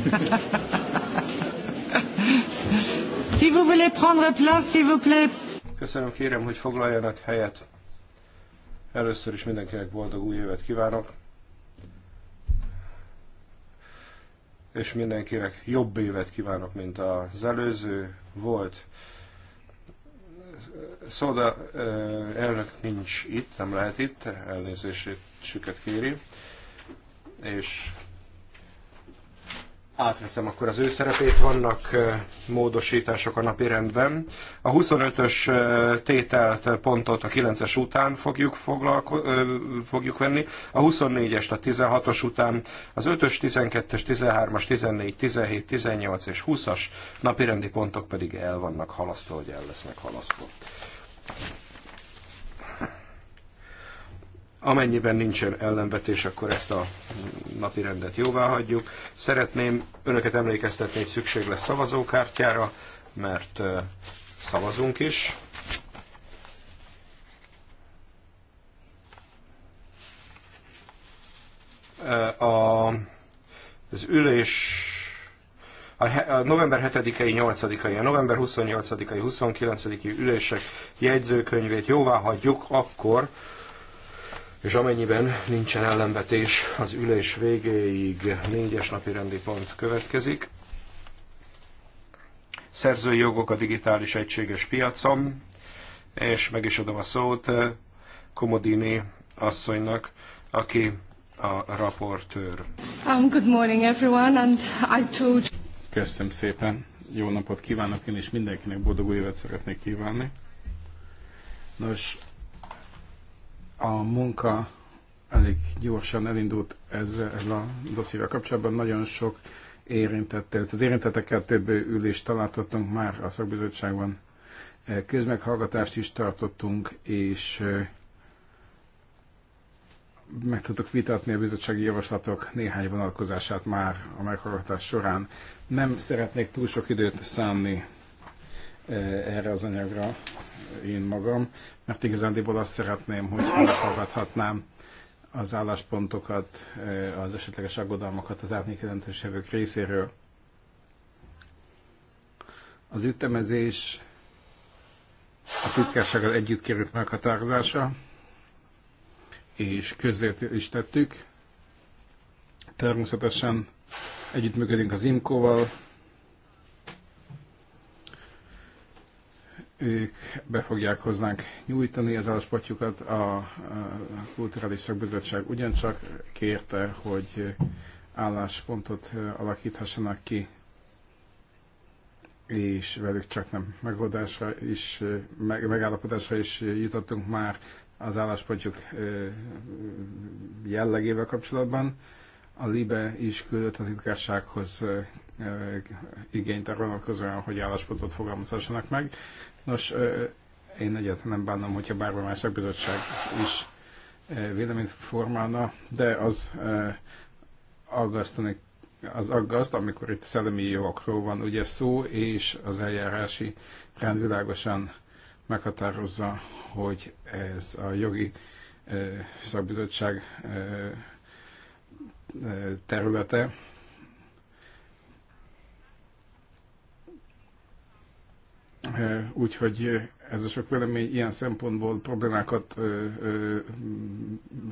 si vous voulez prendre place, s'il vous plaît. Köszönöm, kérem, hogy foglaljanak helyet. Először is mindenkinek boldog új évet kívánok. És mindenkinek jobb évet kívánok, mint az előző volt. Szóda elnök nincs itt, nem lehet itt, elnézését süket kéri. És átveszem akkor az ő szerepét. Vannak módosítások a napi rendben. A 25-ös tételt pontot a 9-es után fogjuk, foglalko- fogjuk venni, a 24-est a 16-os után, az 5-ös, 12-es, 13-as, 14, 17, 18 és 20-as napi rendi pontok pedig el vannak halasztva, hogy el lesznek halasztva. Amennyiben nincsen ellenvetés, akkor ezt a napi rendet jóvá hagyjuk. Szeretném önöket emlékeztetni, hogy szükség lesz szavazókártyára, mert szavazunk is. A, az ülés a november 7-i, 8-ai, a november 28-ai, 29-i ülések jegyzőkönyvét jóvá hagyjuk akkor, és amennyiben nincsen ellenvetés, az ülés végéig négyes napi rendi pont következik. Szerzői jogok a digitális egységes piacon, és meg is adom a szót eh, Komodini asszonynak, aki a raportőr. Um, good morning everyone, and I too... Köszönöm szépen, jó napot kívánok, én és mindenkinek boldog évet szeretnék kívánni. Nos, a munka elég gyorsan elindult ezzel a dossziével kapcsolatban. Nagyon sok érintettel, az érintetekkel több ülést találtottunk már a szakbizottságban. Eh, közmeghallgatást is tartottunk, és eh, meg tudtuk vitatni a bizottsági javaslatok néhány vonatkozását már a meghallgatás során. Nem szeretnék túl sok időt szánni eh, erre az anyagra én magam, mert igazándiból azt szeretném, hogy meghallgathatnám az álláspontokat, eh, az esetleges aggodalmakat az árnyék jelentősevők részéről. Az ütemezés a titkársággal együtt került meghatározása, és közért is tettük. Természetesen együttműködünk az IMCO-val, ők be fogják hozzánk nyújtani az álláspontjukat. A Kulturális Szakbizottság ugyancsak kérte, hogy álláspontot alakíthassanak ki, és velük csak nem megoldásra is, meg, megállapodásra is jutottunk már az álláspontjuk jellegével kapcsolatban. A LIBE is küldött a titkársághoz igényt arra vonatkozóan, hogy álláspontot fogalmazhassanak meg. Nos, én egyáltalán nem bánom, hogyha bármely más szakbizottság is véleményt formálna, de az aggasztani az aggaszt, amikor itt szellemi jogokról van ugye szó, és az eljárási rend világosan meghatározza, hogy ez a jogi szakbizottság területe, Úgyhogy ez a sok vélemény ilyen szempontból problémákat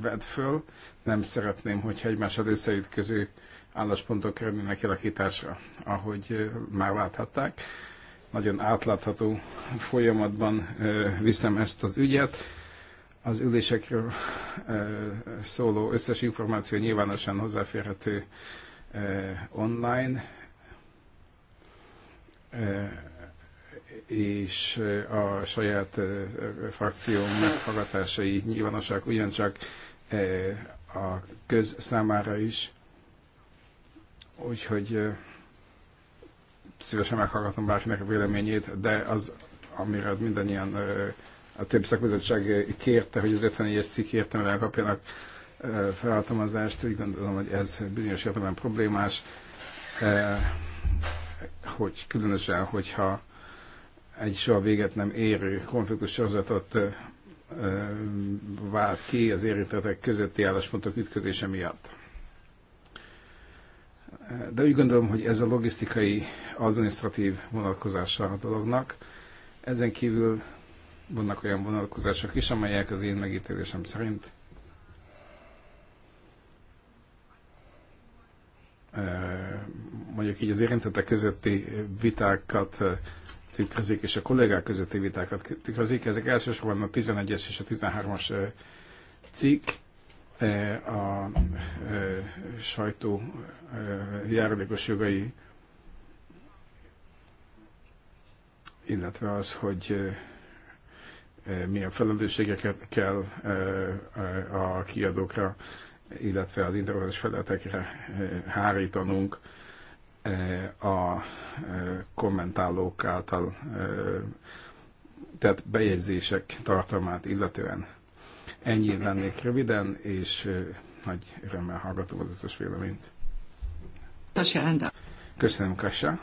vet föl. Nem szeretném, hogy egymással összeütköző álláspontok kerülnének kialakításra, ahogy már láthatták. Nagyon átlátható folyamatban viszem ezt az ügyet. Az ülésekről szóló összes információ nyilvánosan hozzáférhető online és a saját frakció meghallgatásai nyilvánosak ugyancsak a köz számára is. Úgyhogy szívesen meghallgatom bárkinek a véleményét, de az, amire mindannyian a több szakbizottság kérte, hogy az 54-es cikk értelmében kapjanak felhatalmazást, úgy gondolom, hogy ez bizonyos értelemben problémás, hogy különösen, hogyha egy soha véget nem érő konfliktus sorozatot vált ki az érintetek közötti álláspontok ütközése miatt. De úgy gondolom, hogy ez a logisztikai, administratív vonatkozása a dolognak. Ezen kívül vannak olyan vonatkozások is, amelyek az én megítélésem szerint mondjuk így az érintetek közötti vitákat tükrözik, és a kollégák közötti vitákat tükrözik. Ezek elsősorban a 11-es és a 13-as cikk, a sajtó járulékos jogai, illetve az, hogy milyen felelősségeket kell a kiadókra, illetve az internetes felületekre hárítanunk Eh, a eh, kommentálók által eh, tett bejegyzések tartalmát illetően. Ennyi lennék röviden, és nagy örömmel hallgatom az összes véleményt. Köszönöm, Kassa.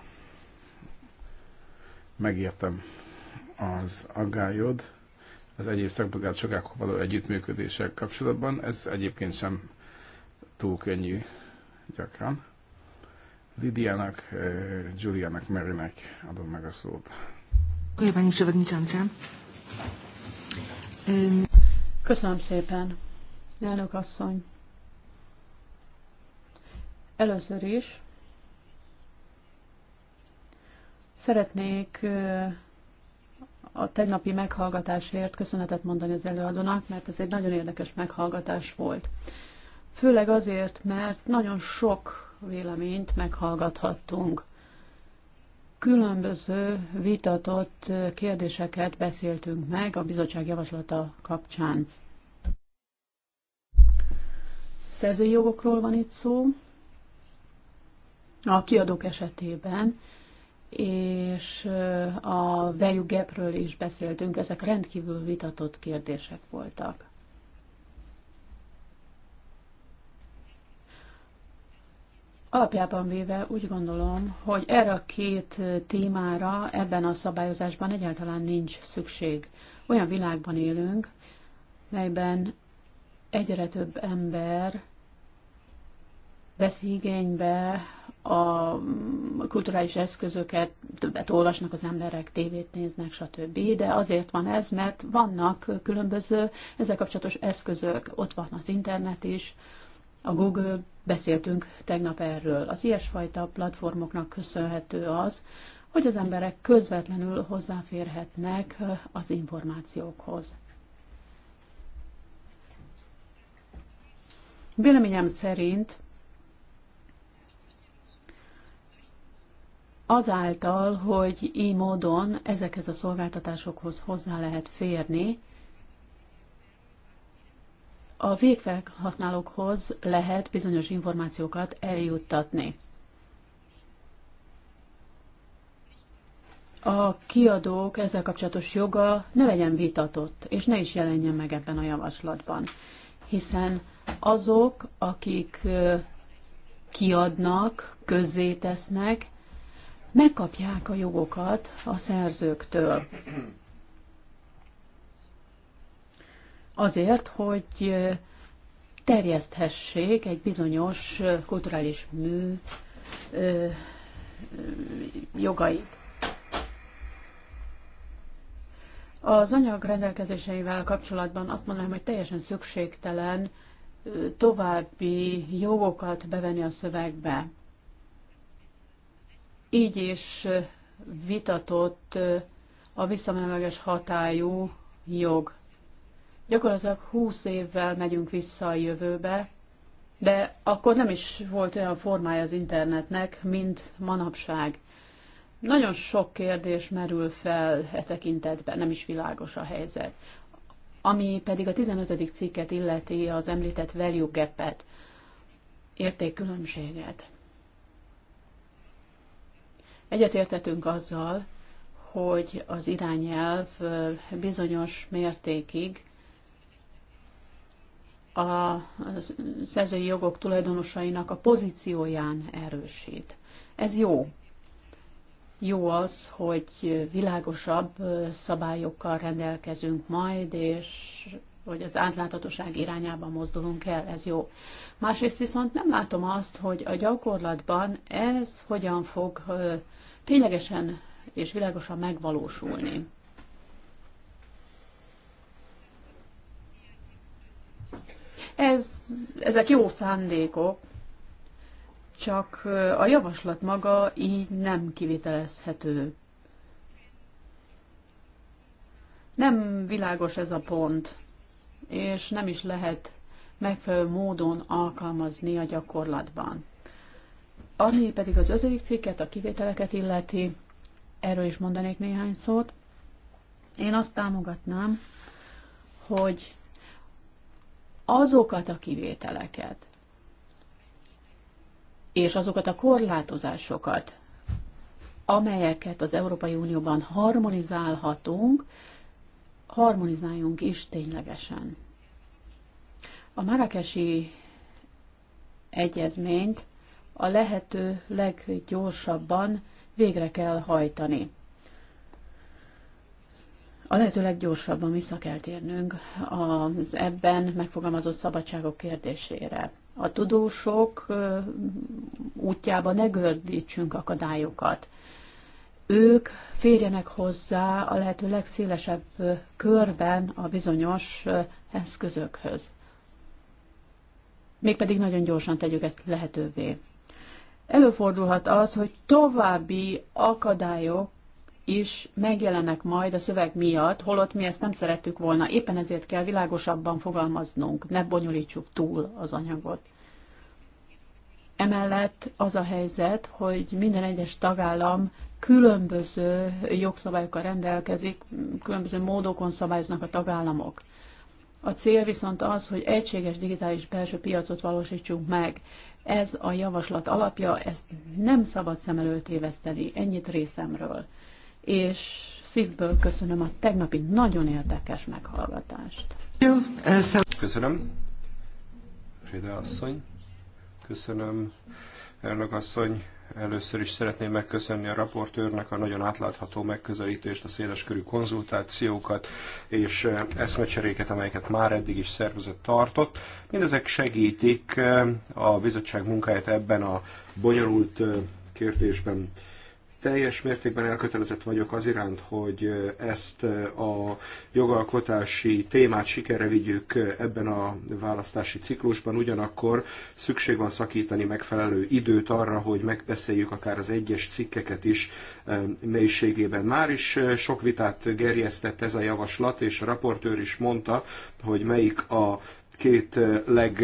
Megértem az aggályod az egyéb sokákkal való együttműködéssel kapcsolatban. Ez egyébként sem túl könnyű gyakran. Lidiának, eh, Julianak, Marynek adom meg a szót. Köszönöm szépen, elnök asszony. Először is szeretnék eh, a tegnapi meghallgatásért köszönetet mondani az előadónak, mert ez egy nagyon érdekes meghallgatás volt. Főleg azért, mert nagyon sok véleményt meghallgathattunk. Különböző vitatott kérdéseket beszéltünk meg a bizottság javaslata kapcsán. Szerzői jogokról van itt szó, a kiadók esetében, és a value gapről is beszéltünk, ezek rendkívül vitatott kérdések voltak. Alapjában véve úgy gondolom, hogy erre a két témára ebben a szabályozásban egyáltalán nincs szükség. Olyan világban élünk, melyben egyre több ember vesz igénybe a kulturális eszközöket, többet olvasnak az emberek, tévét néznek, stb. De azért van ez, mert vannak különböző ezzel kapcsolatos eszközök, ott van az internet is, a Google, beszéltünk tegnap erről. Az ilyesfajta platformoknak köszönhető az, hogy az emberek közvetlenül hozzáférhetnek az információkhoz. Véleményem szerint azáltal, hogy így módon ezekhez a szolgáltatásokhoz hozzá lehet férni, a végfelhasználókhoz lehet bizonyos információkat eljuttatni. A kiadók ezzel kapcsolatos joga ne legyen vitatott, és ne is jelenjen meg ebben a javaslatban, hiszen azok, akik kiadnak, közzétesznek, megkapják a jogokat a szerzőktől. azért, hogy terjeszthessék egy bizonyos kulturális mű jogait. Az anyag rendelkezéseivel kapcsolatban azt mondanám, hogy teljesen szükségtelen további jogokat bevenni a szövegbe. Így is vitatott a visszamenőleges hatályú jog. Gyakorlatilag 20 évvel megyünk vissza a jövőbe, de akkor nem is volt olyan formája az internetnek, mint manapság. Nagyon sok kérdés merül fel e tekintetben, nem is világos a helyzet. Ami pedig a 15. cikket illeti az említett value gap-et, értékkülönbséget. Egyetértetünk azzal, hogy az irányelv bizonyos mértékig a szerzői jogok tulajdonosainak a pozícióján erősít. Ez jó. Jó az, hogy világosabb szabályokkal rendelkezünk majd, és hogy az átláthatóság irányába mozdulunk el, ez jó. Másrészt viszont nem látom azt, hogy a gyakorlatban ez hogyan fog ténylegesen és világosan megvalósulni. Ez, ezek jó szándékok, csak a javaslat maga így nem kivitelezhető. Nem világos ez a pont, és nem is lehet megfelelő módon alkalmazni a gyakorlatban. Ami pedig az ötödik cikket, a kivételeket illeti, erről is mondanék néhány szót. Én azt támogatnám, hogy azokat a kivételeket, és azokat a korlátozásokat, amelyeket az Európai Unióban harmonizálhatunk, harmonizáljunk is ténylegesen. A Marrakesi egyezményt a lehető leggyorsabban végre kell hajtani a lehető leggyorsabban vissza kell térnünk az ebben megfogalmazott szabadságok kérdésére. A tudósok útjába ne gördítsünk akadályokat. Ők férjenek hozzá a lehető legszélesebb körben a bizonyos eszközökhöz. Mégpedig nagyon gyorsan tegyük ezt lehetővé. Előfordulhat az, hogy további akadályok is megjelennek majd a szöveg miatt, holott mi ezt nem szerettük volna. Éppen ezért kell világosabban fogalmaznunk, ne bonyolítsuk túl az anyagot. Emellett az a helyzet, hogy minden egyes tagállam különböző jogszabályokkal rendelkezik, különböző módokon szabályoznak a tagállamok. A cél viszont az, hogy egységes digitális belső piacot valósítsunk meg. Ez a javaslat alapja, ezt nem szabad szem előtt éveszteni. Ennyit részemről és szívből köszönöm a tegnapi nagyon érdekes meghallgatást. Köszönöm. Frida asszony. Köszönöm, elnök asszony. Először is szeretném megköszönni a raportőrnek a nagyon átlátható megközelítést, a széleskörű konzultációkat és eh, eszmecseréket, amelyeket már eddig is szervezett tartott. Mindezek segítik eh, a bizottság munkáját ebben a bonyolult eh, kérdésben teljes mértékben elkötelezett vagyok az iránt, hogy ezt a jogalkotási témát sikerre vigyük ebben a választási ciklusban, ugyanakkor szükség van szakítani megfelelő időt arra, hogy megbeszéljük akár az egyes cikkeket is eh, mélységében. Már is eh, sok vitát gerjesztett ez a javaslat, és a raportőr is mondta, hogy melyik a két eh, leg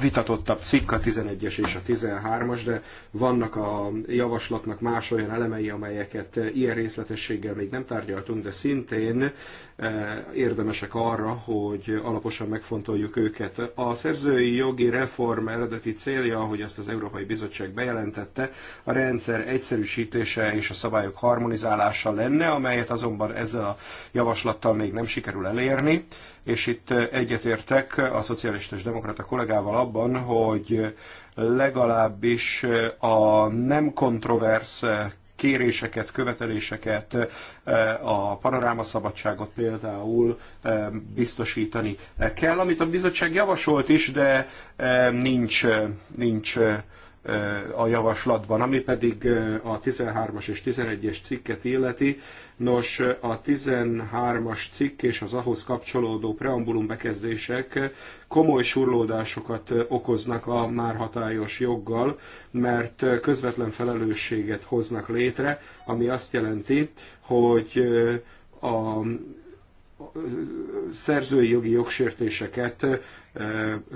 vitatottabb cikk a 11-es és a 13-as, de vannak a javaslatnak más olyan elemei, amelyeket ilyen részletességgel még nem tárgyaltunk, de szintén E, érdemesek arra, hogy alaposan megfontoljuk őket. A szerzői jogi reform eredeti célja, ahogy ezt az Európai Bizottság bejelentette, a rendszer egyszerűsítése és a szabályok harmonizálása lenne, amelyet azonban ezzel a javaslattal még nem sikerül elérni, és itt egyetértek a szocialista és demokrata kollégával abban, hogy legalábbis a nem kontroversz kéréseket, követeléseket, eh, a panoráma szabadságot például eh, biztosítani kell, amit a bizottság javasolt is, de eh, nincs, nincs a javaslatban. Ami pedig a 13-as és 11-es cikket illeti, nos a 13-as cikk és az ahhoz kapcsolódó preambulum bekezdések komoly surlódásokat okoznak a már hatályos joggal, mert közvetlen felelősséget hoznak létre, ami azt jelenti, hogy a szerzői jogi jogsértéseket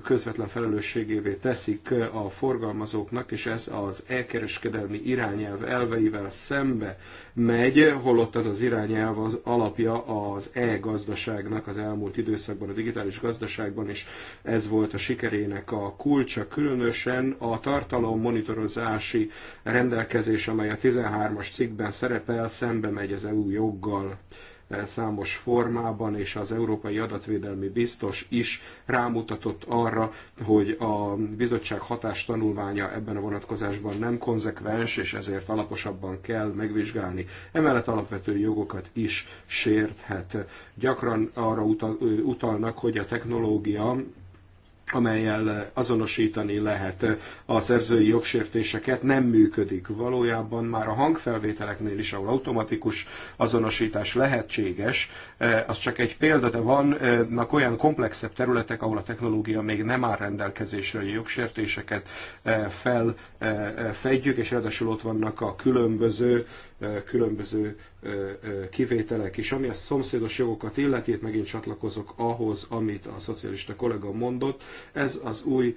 közvetlen felelősségévé teszik a forgalmazóknak, és ez az elkereskedelmi irányelv elveivel szembe megy, holott ez az irányelv az alapja az e-gazdaságnak az elmúlt időszakban, a digitális gazdaságban, és ez volt a sikerének a kulcsa, különösen a tartalom monitorozási rendelkezés, amely a 13-as cikkben szerepel, szembe megy az EU joggal. E, számos formában, és az Európai Adatvédelmi Biztos is rámutatott arra, hogy a bizottság hatástanulmánya ebben a vonatkozásban nem konzekvens, és ezért alaposabban kell megvizsgálni. Emellett alapvető jogokat is sérthet. Gyakran arra utalnak, hogy a technológia amelyel azonosítani lehet a szerzői jogsértéseket, nem működik. Valójában már a hangfelvételeknél is, ahol automatikus azonosítás lehetséges, eh, az csak egy példa, de vannak olyan komplexebb területek, ahol a technológia még nem áll rendelkezésre, hogy a jogsértéseket eh, felfedjük, eh, és ráadásul ott vannak a különböző különböző kivételek is. Ami a szomszédos jogokat illeti, itt megint csatlakozok ahhoz, amit a szocialista kollega mondott, ez az új,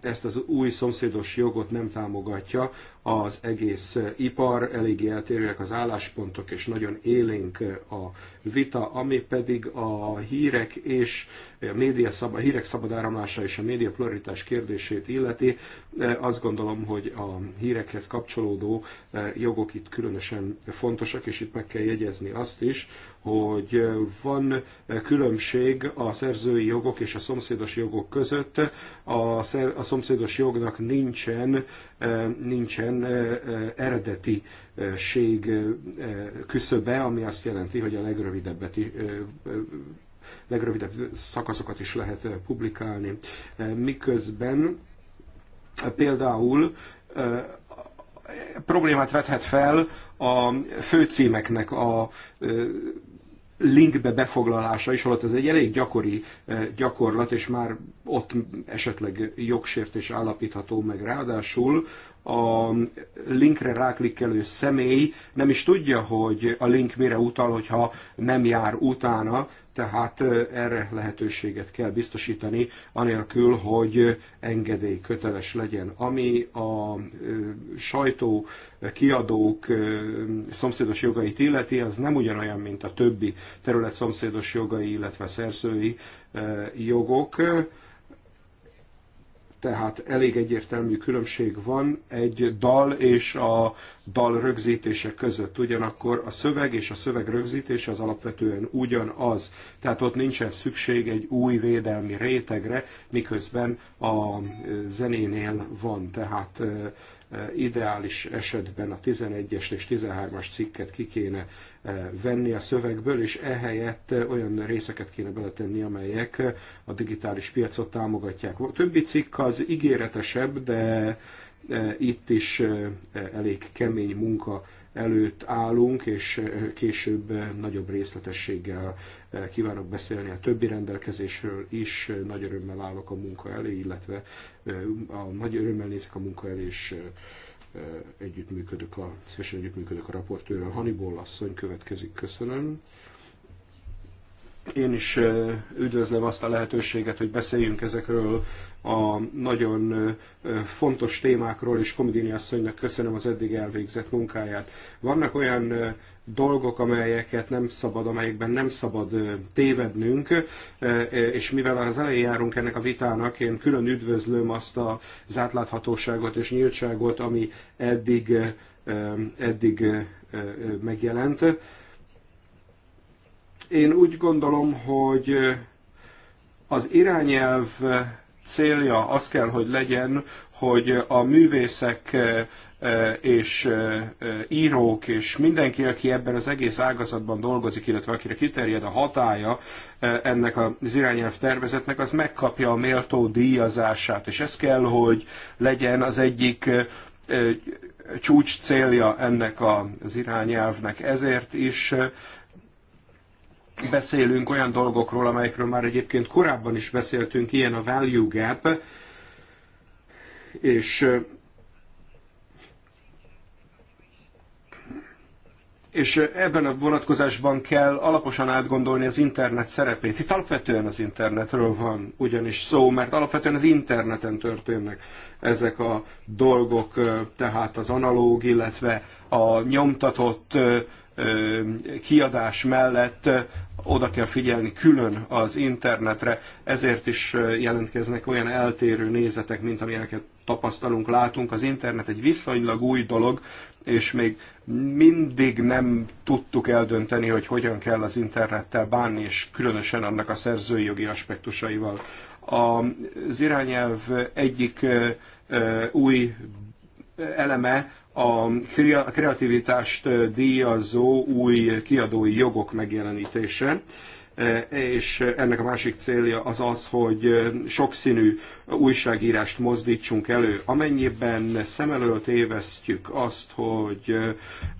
ezt az új szomszédos jogot nem támogatja az egész ipar, eléggé eltérőek az álláspontok, és nagyon élénk a vita, ami pedig a hírek és a média szab- a hírek szabad áramlása és a média pluralitás kérdését illeti. Azt gondolom, hogy a hírekhez kapcsolódó jogok itt különösen fontosak, és itt meg kell jegyezni azt is, hogy van különbség a szerzői jogok és a szomszédos jogok között. A, szer, a szomszédos jognak nincsen, eh, nincsen eh, eh, eredetiség küszöbe, ami azt jelenti, hogy a legrövidebbet legrövidebb szakaszokat is lehet publikálni. Miközben például problémát vethet fel a főcímeknek a linkbe befoglalása is, holott ez egy elég gyakori eh, gyakorlat, és már ott esetleg jogsértés állapítható meg. Ráadásul a linkre ráklikkelő személy nem is tudja, hogy a link mire utal, hogyha nem jár utána, tehát erre lehetőséget kell biztosítani, anélkül, hogy engedély köteles legyen. Ami a sajtó kiadók szomszédos jogait illeti, az nem ugyanolyan, mint a többi terület szomszédos jogai, illetve szerzői jogok tehát elég egyértelmű különbség van egy dal és a dal rögzítése között. Ugyanakkor a szöveg és a szöveg rögzítése az alapvetően ugyanaz. Tehát ott nincsen szükség egy új védelmi rétegre, miközben a zenénél van. Tehát ideális esetben a 11-es és 13-as cikket ki kéne eh, venni a szövegből, és ehelyett eh, olyan részeket kéne beletenni, amelyek eh, a digitális piacot támogatják. A többi cikk az ígéretesebb, de itt is elég kemény munka előtt állunk, és eh, később eh, nagyobb részletességgel eh, kívánok beszélni a többi rendelkezésről is. Nagy örömmel állok a munka elé, illetve a nagy örömmel nézek a munka elé, és együttműködök a, szívesen együttműködök a raportőről. Hannibal asszony következik, köszönöm. Én is üdvözlöm azt a lehetőséget, hogy beszéljünk ezekről a nagyon fontos témákról, és Komidini asszonynak köszönöm az eddig elvégzett munkáját. Vannak olyan dolgok, amelyeket nem szabad, amelyekben nem szabad tévednünk, és mivel az elején járunk ennek a vitának, én külön üdvözlöm azt az átláthatóságot és nyíltságot, ami eddig, eddig megjelent. Én úgy gondolom, hogy az irányelv célja az kell, hogy legyen, hogy a művészek eh, eh, és eh, írók, és mindenki, aki ebben az egész ágazatban dolgozik, illetve akire kiterjed a hatája ennek az irányelv tervezetnek, az megkapja a méltó díjazását, és ez kell, hogy legyen az egyik csúcs célja ennek az irányelvnek. Ezért is beszélünk olyan dolgokról, amelyekről már egyébként korábban is beszéltünk, ilyen a value gap, és és ebben a vonatkozásban kell alaposan átgondolni az internet szerepét. Itt alapvetően az internetről van ugyanis szó, mert alapvetően az interneten történnek ezek a dolgok, tehát az analóg, illetve a nyomtatott kiadás mellett oda kell figyelni külön az internetre, ezért is jelentkeznek olyan eltérő nézetek, mint amilyeneket tapasztalunk, látunk. Az internet egy viszonylag új dolog, és még mindig nem tudtuk eldönteni, hogy hogyan kell az internettel bánni, és különösen annak a szerzői jogi aspektusaival. Az irányelv egyik új eleme a kreativitást díjazó új kiadói jogok megjelenítése. E, és ennek a másik célja az az, hogy sokszínű újságírást mozdítsunk elő. Amennyiben szem elől tévesztjük azt, hogy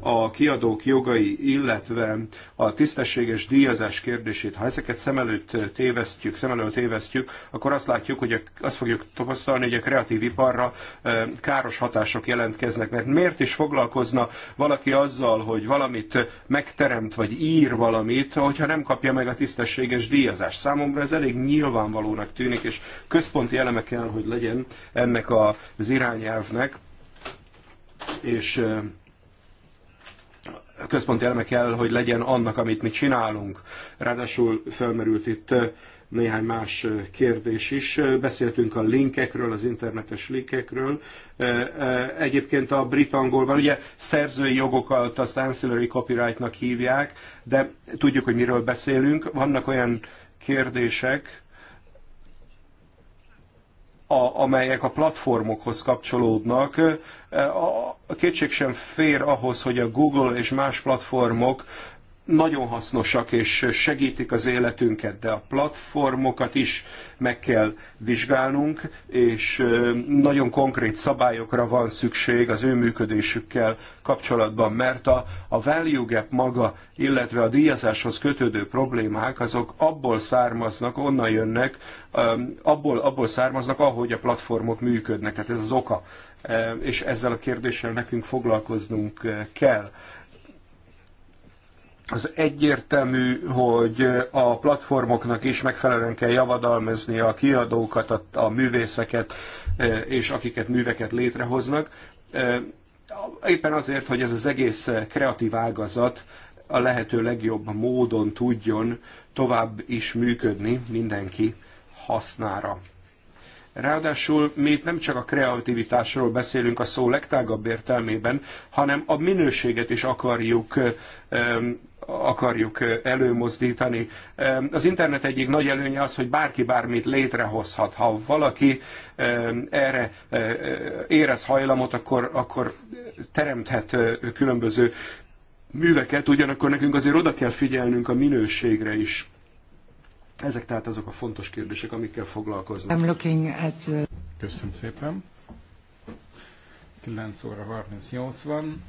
a kiadók jogai, illetve a tisztességes díjazás kérdését, ha ezeket szem előtt tévesztjük, szem elől tévesztjük, akkor azt látjuk, hogy azt fogjuk tapasztalni, hogy a kreatív iparra e, káros hatások jelentkeznek. Mert miért is foglalkozna valaki azzal, hogy valamit megteremt, vagy ír valamit, hogyha nem kapja meg a tisztességes díjazás. Számomra ez elég nyilvánvalónak tűnik, és központi eleme kell, hogy legyen ennek az irányelvnek, és központi eleme kell, hogy legyen annak, amit mi csinálunk. Ráadásul felmerült itt néhány más kérdés is. Beszéltünk a linkekről, az internetes linkekről. Egyébként a brit angolban, ugye szerzői jogokat azt ancillary copyrightnak hívják, de tudjuk, hogy miről beszélünk. Vannak olyan kérdések, a, amelyek a platformokhoz kapcsolódnak. A, a kétség sem fér ahhoz, hogy a Google és más platformok nagyon hasznosak és segítik az életünket, de a platformokat is meg kell vizsgálnunk, és nagyon konkrét szabályokra van szükség az ő működésükkel kapcsolatban, mert a, a value gap maga, illetve a díjazáshoz kötődő problémák, azok abból származnak, onnan jönnek, abból, abból származnak, ahogy a platformok működnek. Tehát ez az oka és ezzel a kérdéssel nekünk foglalkoznunk kell az egyértelmű, hogy a platformoknak is megfelelően kell javadalmazni a kiadókat, a, a művészeket, e, és akiket műveket létrehoznak. E, éppen azért, hogy ez az egész kreatív ágazat a lehető legjobb módon tudjon tovább is működni mindenki hasznára. Ráadásul mi itt nem csak a kreativitásról beszélünk a szó legtágabb értelmében, hanem a minőséget is akarjuk akarjuk előmozdítani. Az internet egyik nagy előnye az, hogy bárki bármit létrehozhat. Ha valaki erre érez hajlamot, akkor, akkor teremthet különböző műveket, ugyanakkor nekünk azért oda kell figyelnünk a minőségre is. Ezek tehát azok a fontos kérdések, amikkel foglalkoznak. I'm looking at the... Köszönöm szépen. 9 óra 38 van.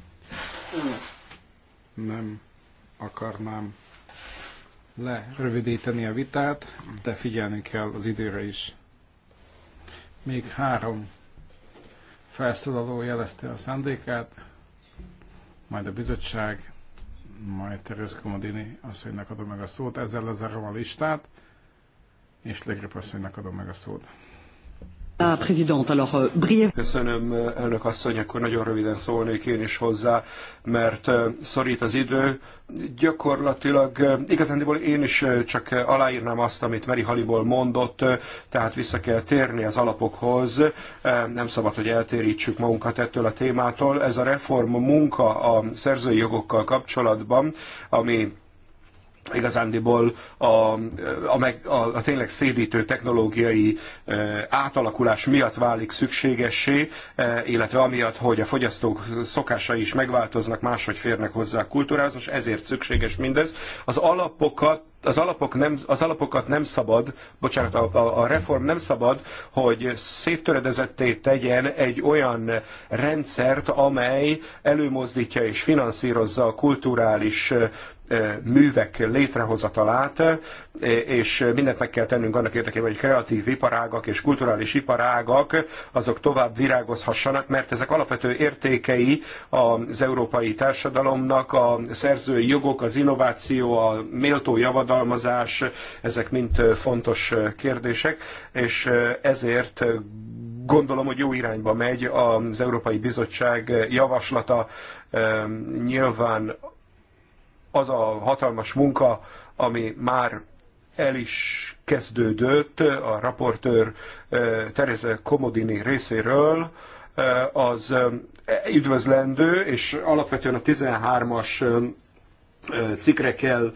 Nem akarnám lerövidíteni a vitát, de figyelni kell az időre is. Még három felszólaló jelezte a szándékát, majd a bizottság, majd Teres Komodini asszonynak adom meg a szót, ezzel lezárom a listát, és Legrip asszonynak adom meg a szót. Euh, Köszönöm, euh, elnök asszony, akkor nagyon röviden szólnék én is hozzá, mert euh, szorít az idő. Gyakorlatilag igazándiból én is csak aláírnám azt, amit Meri Haliból mondott, tehát vissza kell térni az alapokhoz, nem szabad, hogy eltérítsük magunkat ettől a témától. Ez a reform munka a szerzői jogokkal kapcsolatban, ami igazándiból a, a, meg, a, a tényleg szédítő technológiai e, átalakulás miatt válik szükségessé, e, illetve amiatt, hogy a fogyasztók szokásai is megváltoznak, máshogy férnek hozzá a kultúrához, most ezért szükséges mindez. Az alapokat az, alapok nem, az alapokat nem szabad, bocsánat, a, a reform nem szabad, hogy széttöredezetté tegyen egy olyan rendszert, amely előmozdítja és finanszírozza a kulturális művek létrehozatalát, és mindent meg kell tennünk annak érdekében, hogy kreatív iparágak és kulturális iparágak azok tovább virágozhassanak, mert ezek alapvető értékei az európai társadalomnak, a szerzői jogok, az innováció, a méltó javadalmazás, ezek mind fontos kérdések, és ezért gondolom, hogy jó irányba megy az Európai Bizottság javaslata. Nyilván az a hatalmas munka, ami már el is kezdődött a raportőr Tereze Komodini részéről, az üdvözlendő, és alapvetően a 13-as cikre kell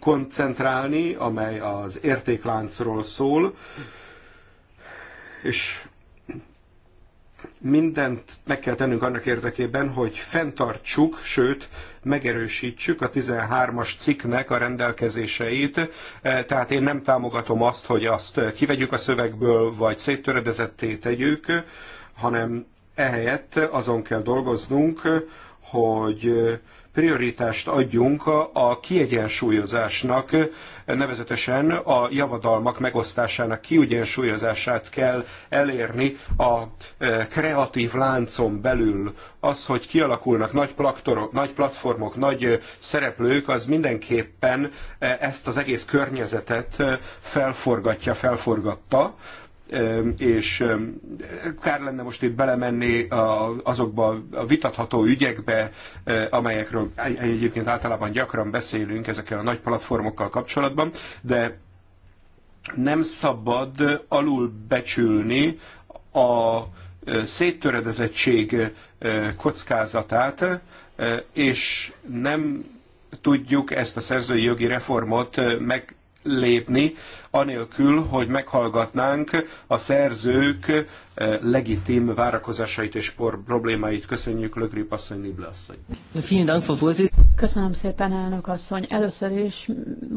koncentrálni, amely az értékláncról szól, és mindent meg kell tennünk annak érdekében, hogy fenntartsuk, sőt, megerősítsük a 13-as cikknek a rendelkezéseit. E, tehát én nem támogatom azt, hogy azt kivegyük a szövegből, vagy széttöredezetté tegyük, hanem ehelyett azon kell dolgoznunk, hogy prioritást adjunk a kiegyensúlyozásnak, nevezetesen a javadalmak megosztásának kiegyensúlyozását kell elérni a kreatív láncon belül. Az, hogy kialakulnak nagy, plaktorok, nagy platformok, nagy szereplők, az mindenképpen ezt az egész környezetet felforgatja, felforgatta, és kár lenne most itt belemenni azokba a vitatható ügyekbe, amelyekről egyébként általában gyakran beszélünk ezekkel a nagy platformokkal kapcsolatban, de nem szabad alul becsülni a széttöredezettség kockázatát, és nem tudjuk ezt a szerzői jogi reformot meg lépni, anélkül, hogy meghallgatnánk a szerzők eh, legitim várakozásait és problémáit. Köszönjük, Lögrip asszony, Nibla asszony. Köszönöm szépen, elnök asszony. Először is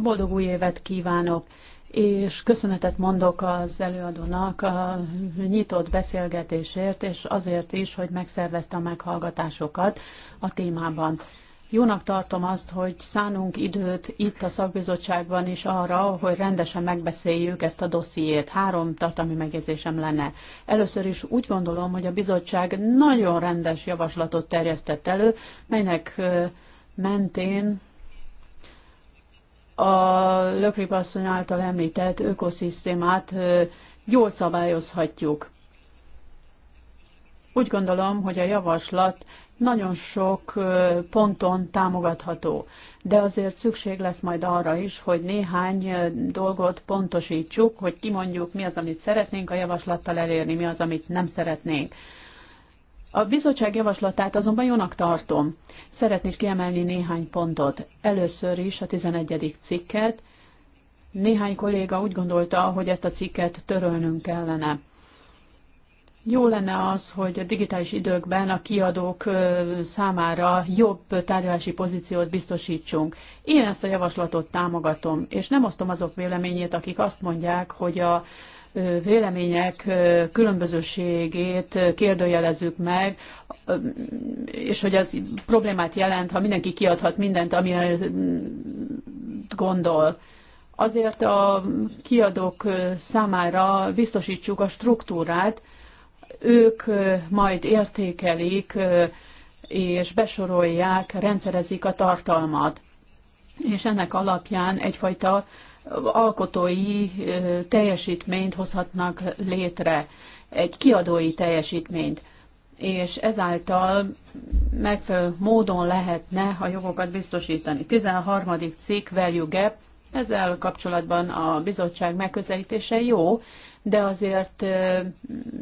boldog új évet kívánok és köszönetet mondok az előadónak a nyitott beszélgetésért, és azért is, hogy megszervezte a meghallgatásokat a témában. Jónak tartom azt, hogy szánunk időt itt a szakbizottságban is arra, hogy rendesen megbeszéljük ezt a dossziét. Három tartalmi megjegyzésem lenne. Először is úgy gondolom, hogy a bizottság nagyon rendes javaslatot terjesztett elő, melynek mentén a Lökrib asszony által említett ökoszisztémát jól szabályozhatjuk. Úgy gondolom, hogy a javaslat nagyon sok ponton támogatható, de azért szükség lesz majd arra is, hogy néhány dolgot pontosítsuk, hogy kimondjuk, mi az, amit szeretnénk a javaslattal elérni, mi az, amit nem szeretnénk. A bizottság javaslatát azonban jónak tartom. Szeretnék kiemelni néhány pontot. Először is a 11. cikket. Néhány kolléga úgy gondolta, hogy ezt a cikket törölnünk kellene. Jó lenne az, hogy a digitális időkben a kiadók számára jobb tárgyalási pozíciót biztosítsunk. Én ezt a javaslatot támogatom, és nem osztom azok véleményét, akik azt mondják, hogy a vélemények különbözőségét kérdőjelezzük meg, és hogy az problémát jelent, ha mindenki kiadhat mindent, ami gondol. Azért a kiadók számára biztosítsuk a struktúrát, ők majd értékelik és besorolják, rendszerezik a tartalmat. És ennek alapján egyfajta alkotói teljesítményt hozhatnak létre, egy kiadói teljesítményt és ezáltal megfelelő módon lehetne a jogokat biztosítani. 13. cikk, value gap, ezzel kapcsolatban a bizottság megközelítése jó, de azért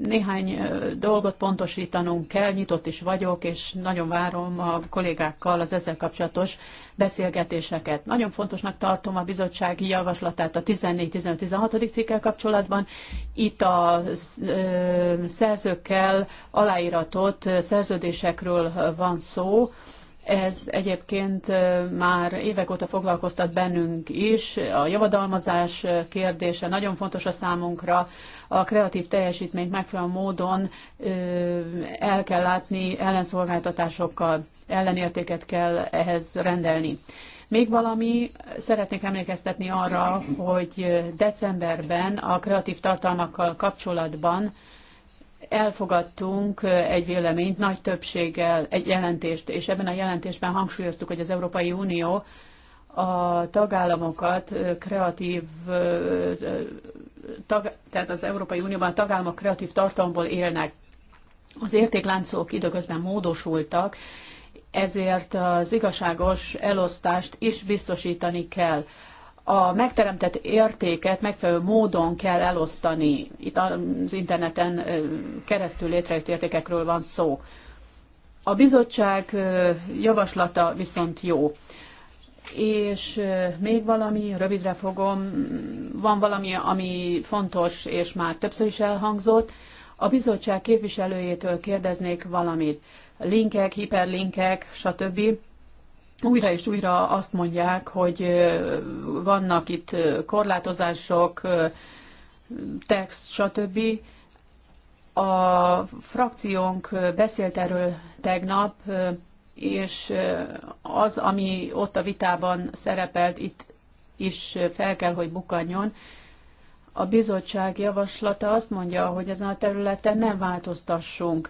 néhány dolgot pontosítanunk kell, nyitott is vagyok, és nagyon várom a kollégákkal az ezzel kapcsolatos beszélgetéseket. Nagyon fontosnak tartom a bizottsági javaslatát a 14-15-16. cikkel kapcsolatban. Itt a szerzőkkel aláíratott szerződésekről van szó, ez egyébként már évek óta foglalkoztat bennünk is. A javadalmazás kérdése nagyon fontos a számunkra. A kreatív teljesítményt megfelelő módon el kell látni ellenszolgáltatásokkal, ellenértéket kell ehhez rendelni. Még valami, szeretnék emlékeztetni arra, hogy decemberben a kreatív tartalmakkal kapcsolatban elfogadtunk egy véleményt nagy többséggel, egy jelentést, és ebben a jelentésben hangsúlyoztuk, hogy az Európai Unió a tagállamokat kreatív, tag, tehát az Európai Unióban a tagállamok kreatív tartalomból élnek. Az értékláncok időközben módosultak, ezért az igazságos elosztást is biztosítani kell a megteremtett értéket megfelelő módon kell elosztani. Itt az interneten keresztül létrejött értékekről van szó. A bizottság javaslata viszont jó. És még valami, rövidre fogom, van valami, ami fontos, és már többször is elhangzott. A bizottság képviselőjétől kérdeznék valamit. Linkek, hiperlinkek, stb újra és újra azt mondják, hogy vannak itt korlátozások, text, stb. A frakciónk beszélt erről tegnap, és az, ami ott a vitában szerepelt, itt is fel kell, hogy bukanjon. A bizottság javaslata azt mondja, hogy ezen a területen nem változtassunk.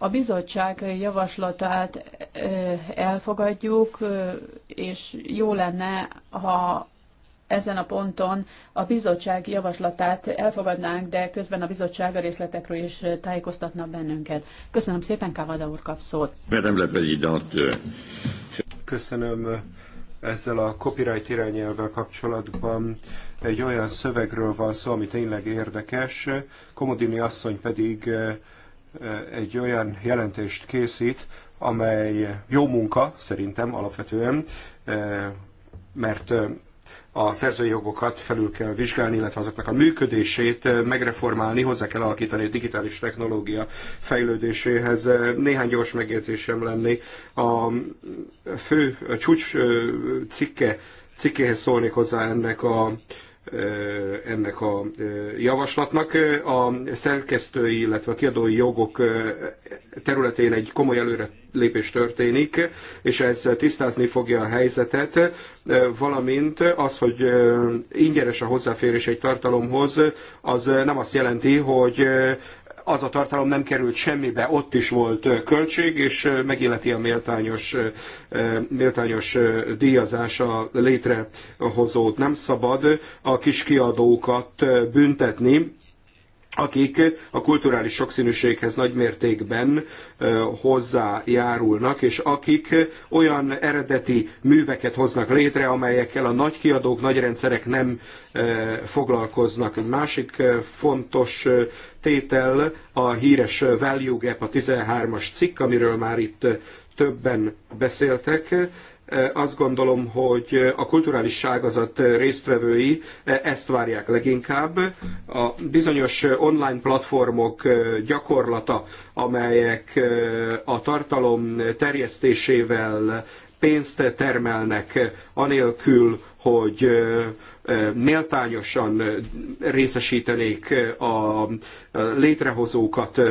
A bizottság javaslatát elfogadjuk, és jó lenne, ha ezen a ponton a bizottság javaslatát elfogadnánk, de közben a bizottság a részletekről is tájékoztatna bennünket. Köszönöm szépen, Kávada úr kap szót. Hát, Köszönöm ezzel a copyright irányelvvel kapcsolatban egy olyan szövegről van szó, ami tényleg érdekes. Komodini asszony pedig egy olyan jelentést készít, amely jó munka, szerintem alapvetően, eh, mert eh, a szerzői jogokat felül kell vizsgálni, illetve azoknak a működését eh, megreformálni, hozzá kell alakítani a digitális technológia fejlődéséhez. Néhány gyors megjegyzésem lenni. A fő a csúcs cikke, cikkéhez szólnék hozzá ennek a ennek a javaslatnak. A szerkesztői, illetve a kiadói jogok területén egy komoly előrelépés történik, és ez tisztázni fogja a helyzetet, valamint az, hogy ingyenes a hozzáférés egy tartalomhoz, az nem azt jelenti, hogy az a tartalom nem került semmibe, ott is volt költség, és megilleti a méltányos, méltányos díjazása létrehozót. Nem szabad a kiskiadókat büntetni, akik a kulturális sokszínűséghez mértékben hozzájárulnak, és akik olyan eredeti műveket hoznak létre, amelyekkel a nagy kiadók, nagy rendszerek nem foglalkoznak. Egy másik fontos tétel a híres value gap, a 13-as cikk, amiről már itt többen beszéltek. Eh, azt gondolom, hogy eh, a kulturális ságazat eh, résztvevői ezt várják leginkább. A bizonyos online platformok gyakorlata, amelyek a tartalom terjesztésével pénzt termelnek, anélkül, hogy méltányosan részesítenék a létrehozókat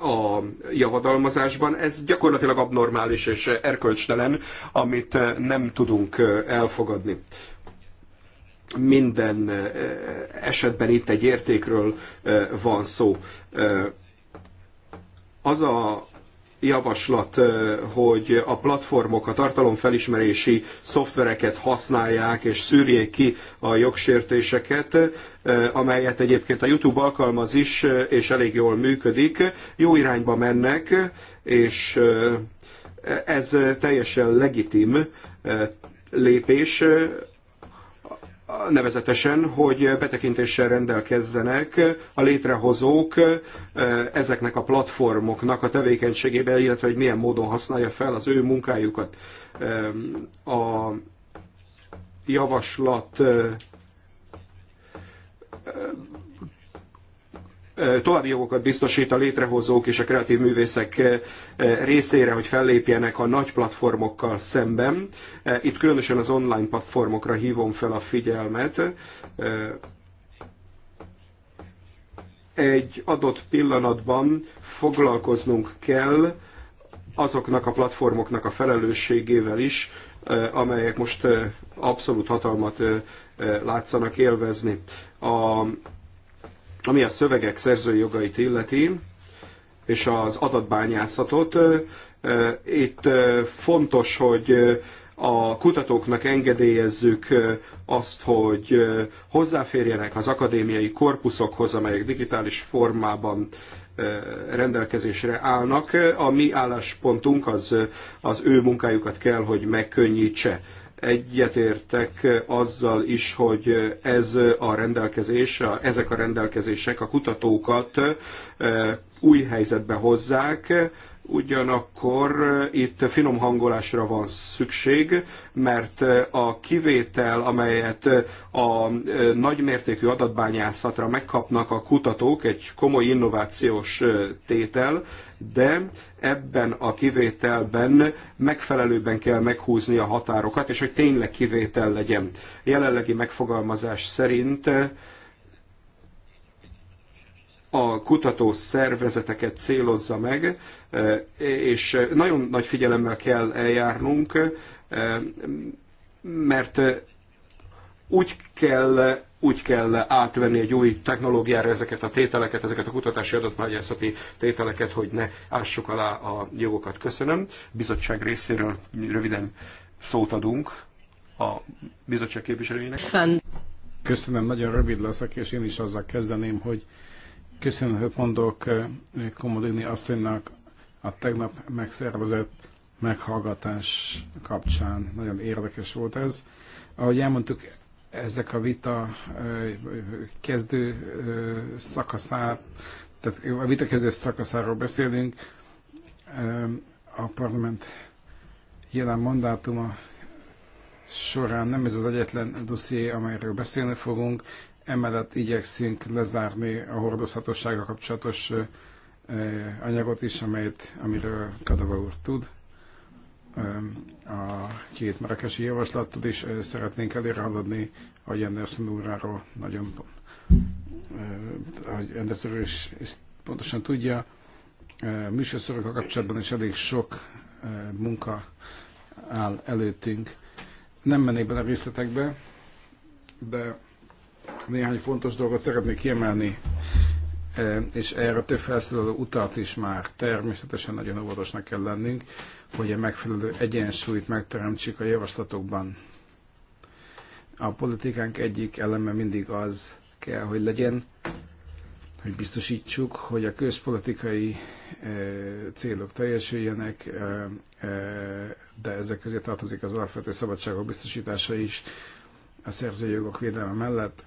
a javadalmazásban. Ez gyakorlatilag abnormális és erkölcstelen, amit eh, nem tudunk eh, elfogadni minden eh, esetben itt egy értékről van szó. Az a javaslat, hogy a platformok a tartalomfelismerési szoftvereket használják és szűrjék ki a jogsértéseket, amelyet egyébként a YouTube alkalmaz is, és elég jól működik. Jó irányba mennek, és ez teljesen legitim lépés, nevezetesen, hogy betekintéssel rendelkezzenek a létrehozók eh, ezeknek a platformoknak a tevékenységében, illetve hogy milyen módon használja fel az ő munkájukat. Eh, a javaslat eh, további jogokat biztosít a létrehozók és a kreatív művészek részére, hogy fellépjenek a nagy platformokkal szemben. Itt különösen az online platformokra hívom fel a figyelmet. Egy adott pillanatban foglalkoznunk kell azoknak a platformoknak a felelősségével is, amelyek most abszolút hatalmat látszanak élvezni. A ami a szövegek szerzői jogait illeti, és az adatbányászatot, itt fontos, hogy a kutatóknak engedélyezzük azt, hogy hozzáférjenek az akadémiai korpuszokhoz, amelyek digitális formában rendelkezésre állnak. A mi álláspontunk az, az ő munkájukat kell, hogy megkönnyítse egyetértek azzal is, hogy ez a rendelkezés, ezek a rendelkezések a kutatókat eh, új helyzetbe hozzák, ugyanakkor eh, itt finom hangolásra van szükség, mert eh, a kivétel, amelyet eh, a nagymértékű adatbányászatra megkapnak a kutatók, egy komoly innovációs tétel, de ebben a kivételben megfelelőben kell meghúzni a határokat, és hogy tényleg kivétel legyen. Jelenlegi megfogalmazás szerint a kutató szervezeteket célozza meg, eh, és nagyon nagy figyelemmel kell eljárnunk, eh, mert eh, úgy kell, úgy kell átvenni egy új technológiára ezeket a tételeket, ezeket a kutatási adatmányászati tételeket, hogy ne ássuk alá a jogokat. Köszönöm. Bizottság részéről röviden szót adunk a bizottság képviselőjének. Köszönöm, nagyon rövid leszek, és én is azzal kezdeném, hogy hogy mondok eh, Komodini asszonynak a tegnap megszervezett meghallgatás kapcsán. Nagyon érdekes volt ez. Ahogy elmondtuk, ezek a vita eh, kezdő eh, szakaszát, tehát a vita kezdő szakaszáról beszélünk. A parlament jelen mandátuma során nem ez az egyetlen dosszié, amelyről beszélni fogunk. Emellett igyekszünk lezárni a hordozhatósága kapcsolatos anyagot is, amelyet, amiről Kadava úr tud. A két merekesi javaslatot is szeretnénk elére haladni, ahogy Anderson úráról nagyon ahogy Anderson úr is pontosan tudja, a kapcsolatban is elég sok munka áll előttünk. Nem mennék bele részletekbe, de néhány fontos dolgot szeretnék kiemelni, e, és erre több felszólaló utat is már. Természetesen nagyon óvatosnak kell lennünk, hogy a megfelelő egyensúlyt megteremtsük a javaslatokban. A politikánk egyik eleme mindig az kell, hogy legyen, hogy biztosítsuk, hogy a közpolitikai e, célok teljesüljenek, e, de ezek közé tartozik az alapvető szabadságok biztosítása is a szerzőjogok védelme mellett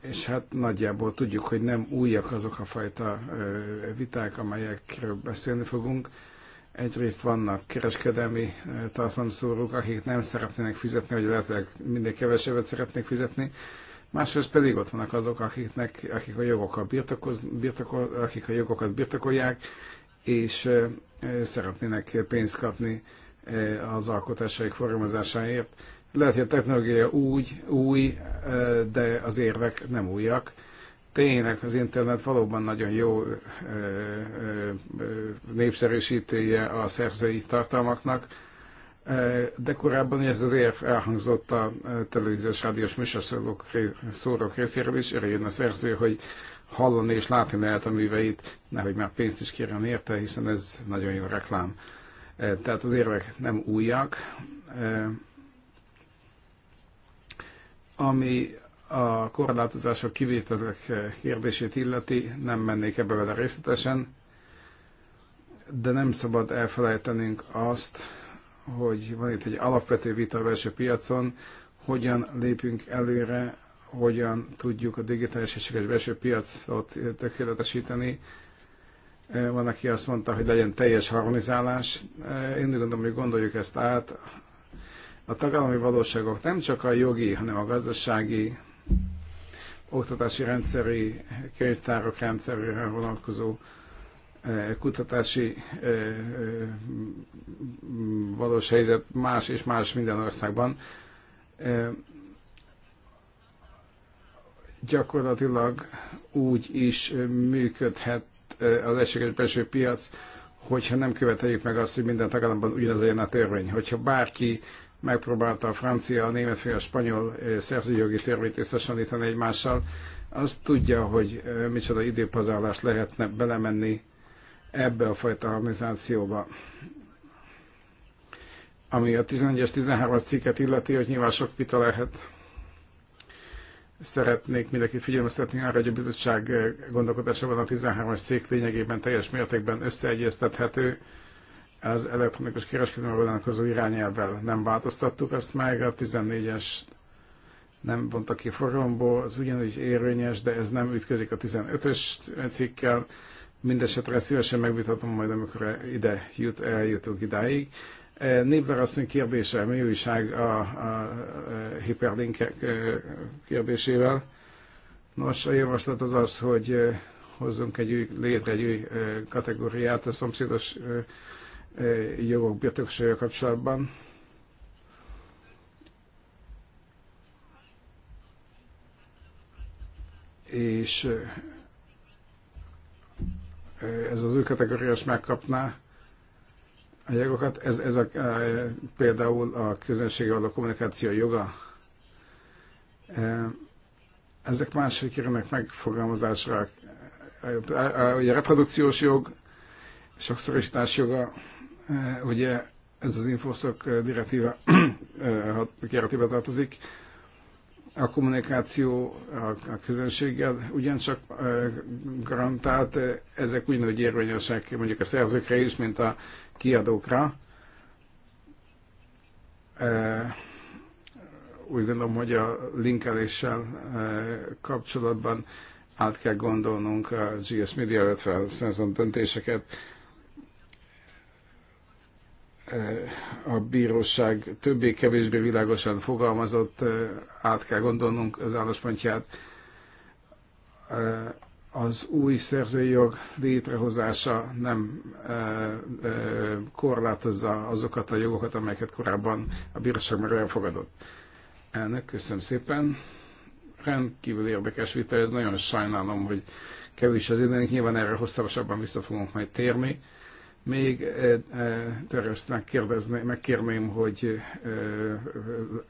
és hát nagyjából tudjuk, hogy nem újak azok a fajta viták, amelyekről beszélni fogunk. Egyrészt vannak kereskedelmi tartalomszórók, akik nem szeretnének fizetni, vagy lehetőleg minden kevesebbet szeretnék fizetni. Másrészt pedig ott vannak azok, akiknek, akik, a jogokat birtokoz, birtokol, akik a jogokat birtokolják, és szeretnének pénzt kapni az alkotásaik forgalmazásáért lehet, hogy a technológia úgy, új, de az érvek nem újak. Tényleg az internet valóban nagyon jó népszerűsítője a szerzői tartalmaknak, de korábban ez az érv elhangzott a televíziós rádiós műsorszólók szórók részéről is, örüljön a szerző, hogy hallani és látni lehet a műveit, nehogy már pénzt is kérjen érte, hiszen ez nagyon jó reklám. Tehát az érvek nem újak, ami a korlátozások, kivételek kérdését illeti, nem mennék ebbe vele részletesen, de nem szabad elfelejtenünk azt, hogy van itt egy alapvető vita a belső piacon, hogyan lépünk előre, hogyan tudjuk a digitális egységes belső piacot tökéletesíteni. Van, aki azt mondta, hogy legyen teljes harmonizálás. Én úgy gondolom, hogy gondoljuk ezt át, a tagállami valóságok nem csak a jogi, hanem a gazdasági, oktatási rendszeri, könyvtárok rendszerére vonatkozó eh, kutatási eh, eh, valós helyzet más és más minden országban. Gyakorlatilag úgy is működhet az egységes belső piac, hogyha nem követeljük meg azt, hogy minden tagállamban ugyanaz legyen a törvény. Hogyha bárki megpróbálta a francia, a német, a spanyol eh, szerzőjogi törvényt összehasonlítani egymással, az tudja, hogy eh, micsoda időpazarlás lehetne belemenni ebbe a fajta harmonizációba. Ami a 11-es, 13-as cikket illeti, hogy nyilván sok vita lehet. Szeretnék mindenkit figyelmeztetni arra, hogy a bizottság eh, gondolkodásában a 13-as cikk lényegében teljes mértékben összeegyeztethető az elektronikus kereskedelmi új irányelvvel nem változtattuk ezt meg, a 14-es nem mondta ki forromból, az ugyanúgy érvényes, de ez nem ütközik a 15-ös cikkkel. Mindesetre szívesen megvitatom majd, amikor ide jut, eljutunk idáig. E, Nébler asszony kérdése, mi újság a, a, a hiperlinkek e, kérdésével? Nos, a javaslat az az, hogy e, hozzunk egy új, létre egy új kategóriát a szomszédos jogok birtokossága kapcsolatban. És ez az kategória kategóriás megkapná a jogokat. Ez, ez a, például a közönségi való kommunikáció joga. Ezek másik kerülnek megfogalmazásra. A, a, a reprodukciós jog, sokszorosítás joga, Eh, ugye ez az infoszok eh, direktíva, eh, kiáratébe tartozik, a kommunikáció a, közönséggel ugyancsak garantált, ezek ugyanúgy érvényesek mondjuk a szerzőkre is, mint a kiadókra. Úgy gondolom, hogy a linkeléssel kapcsolatban át kell gondolnunk a GS Media, illetve döntéseket, a bíróság többé-kevésbé világosan fogalmazott, át kell gondolnunk az álláspontját. Az új szerzői jog létrehozása nem korlátozza azokat a jogokat, amelyeket korábban a bíróság már elfogadott. Elnök, köszönöm szépen. Rendkívül érdekes vita, ez nagyon sajnálom, hogy kevés az időnk, nyilván erre hosszabbasabban vissza fogunk majd térni. Még eh, eh, Tereszt megkérdezném, megkérném, hogy eh,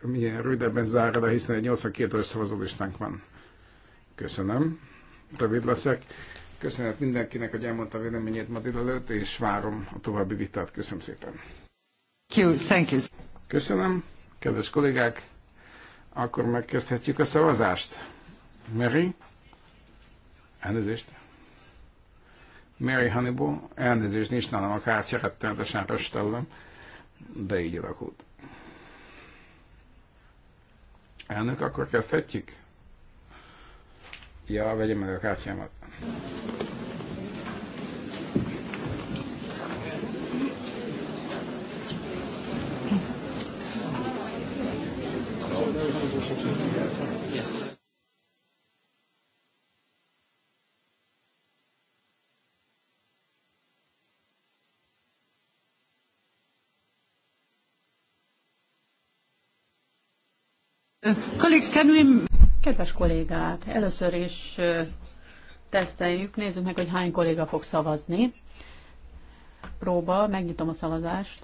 milyen rövidebben zárja le, hiszen egy 82 os szavazólistánk van. Köszönöm. Rövid leszek. Köszönet mindenkinek, hogy elmondta a véleményét ma délelőtt, és várom a további vitát. Köszönöm szépen. Thank you. Köszönöm. Kedves kollégák, akkor megkezdhetjük a szavazást. Mary? Elnézést. Mary Honeyball, elnézést nincs nálam a kártya, rettenetesen restellem, de így alakult. Elnök, akkor kezdhetjük? Ja, vegyem meg a kártyámat. Kedves kollégák, először is teszteljük, nézzük meg, hogy hány kolléga fog szavazni. Próba, megnyitom a szavazást.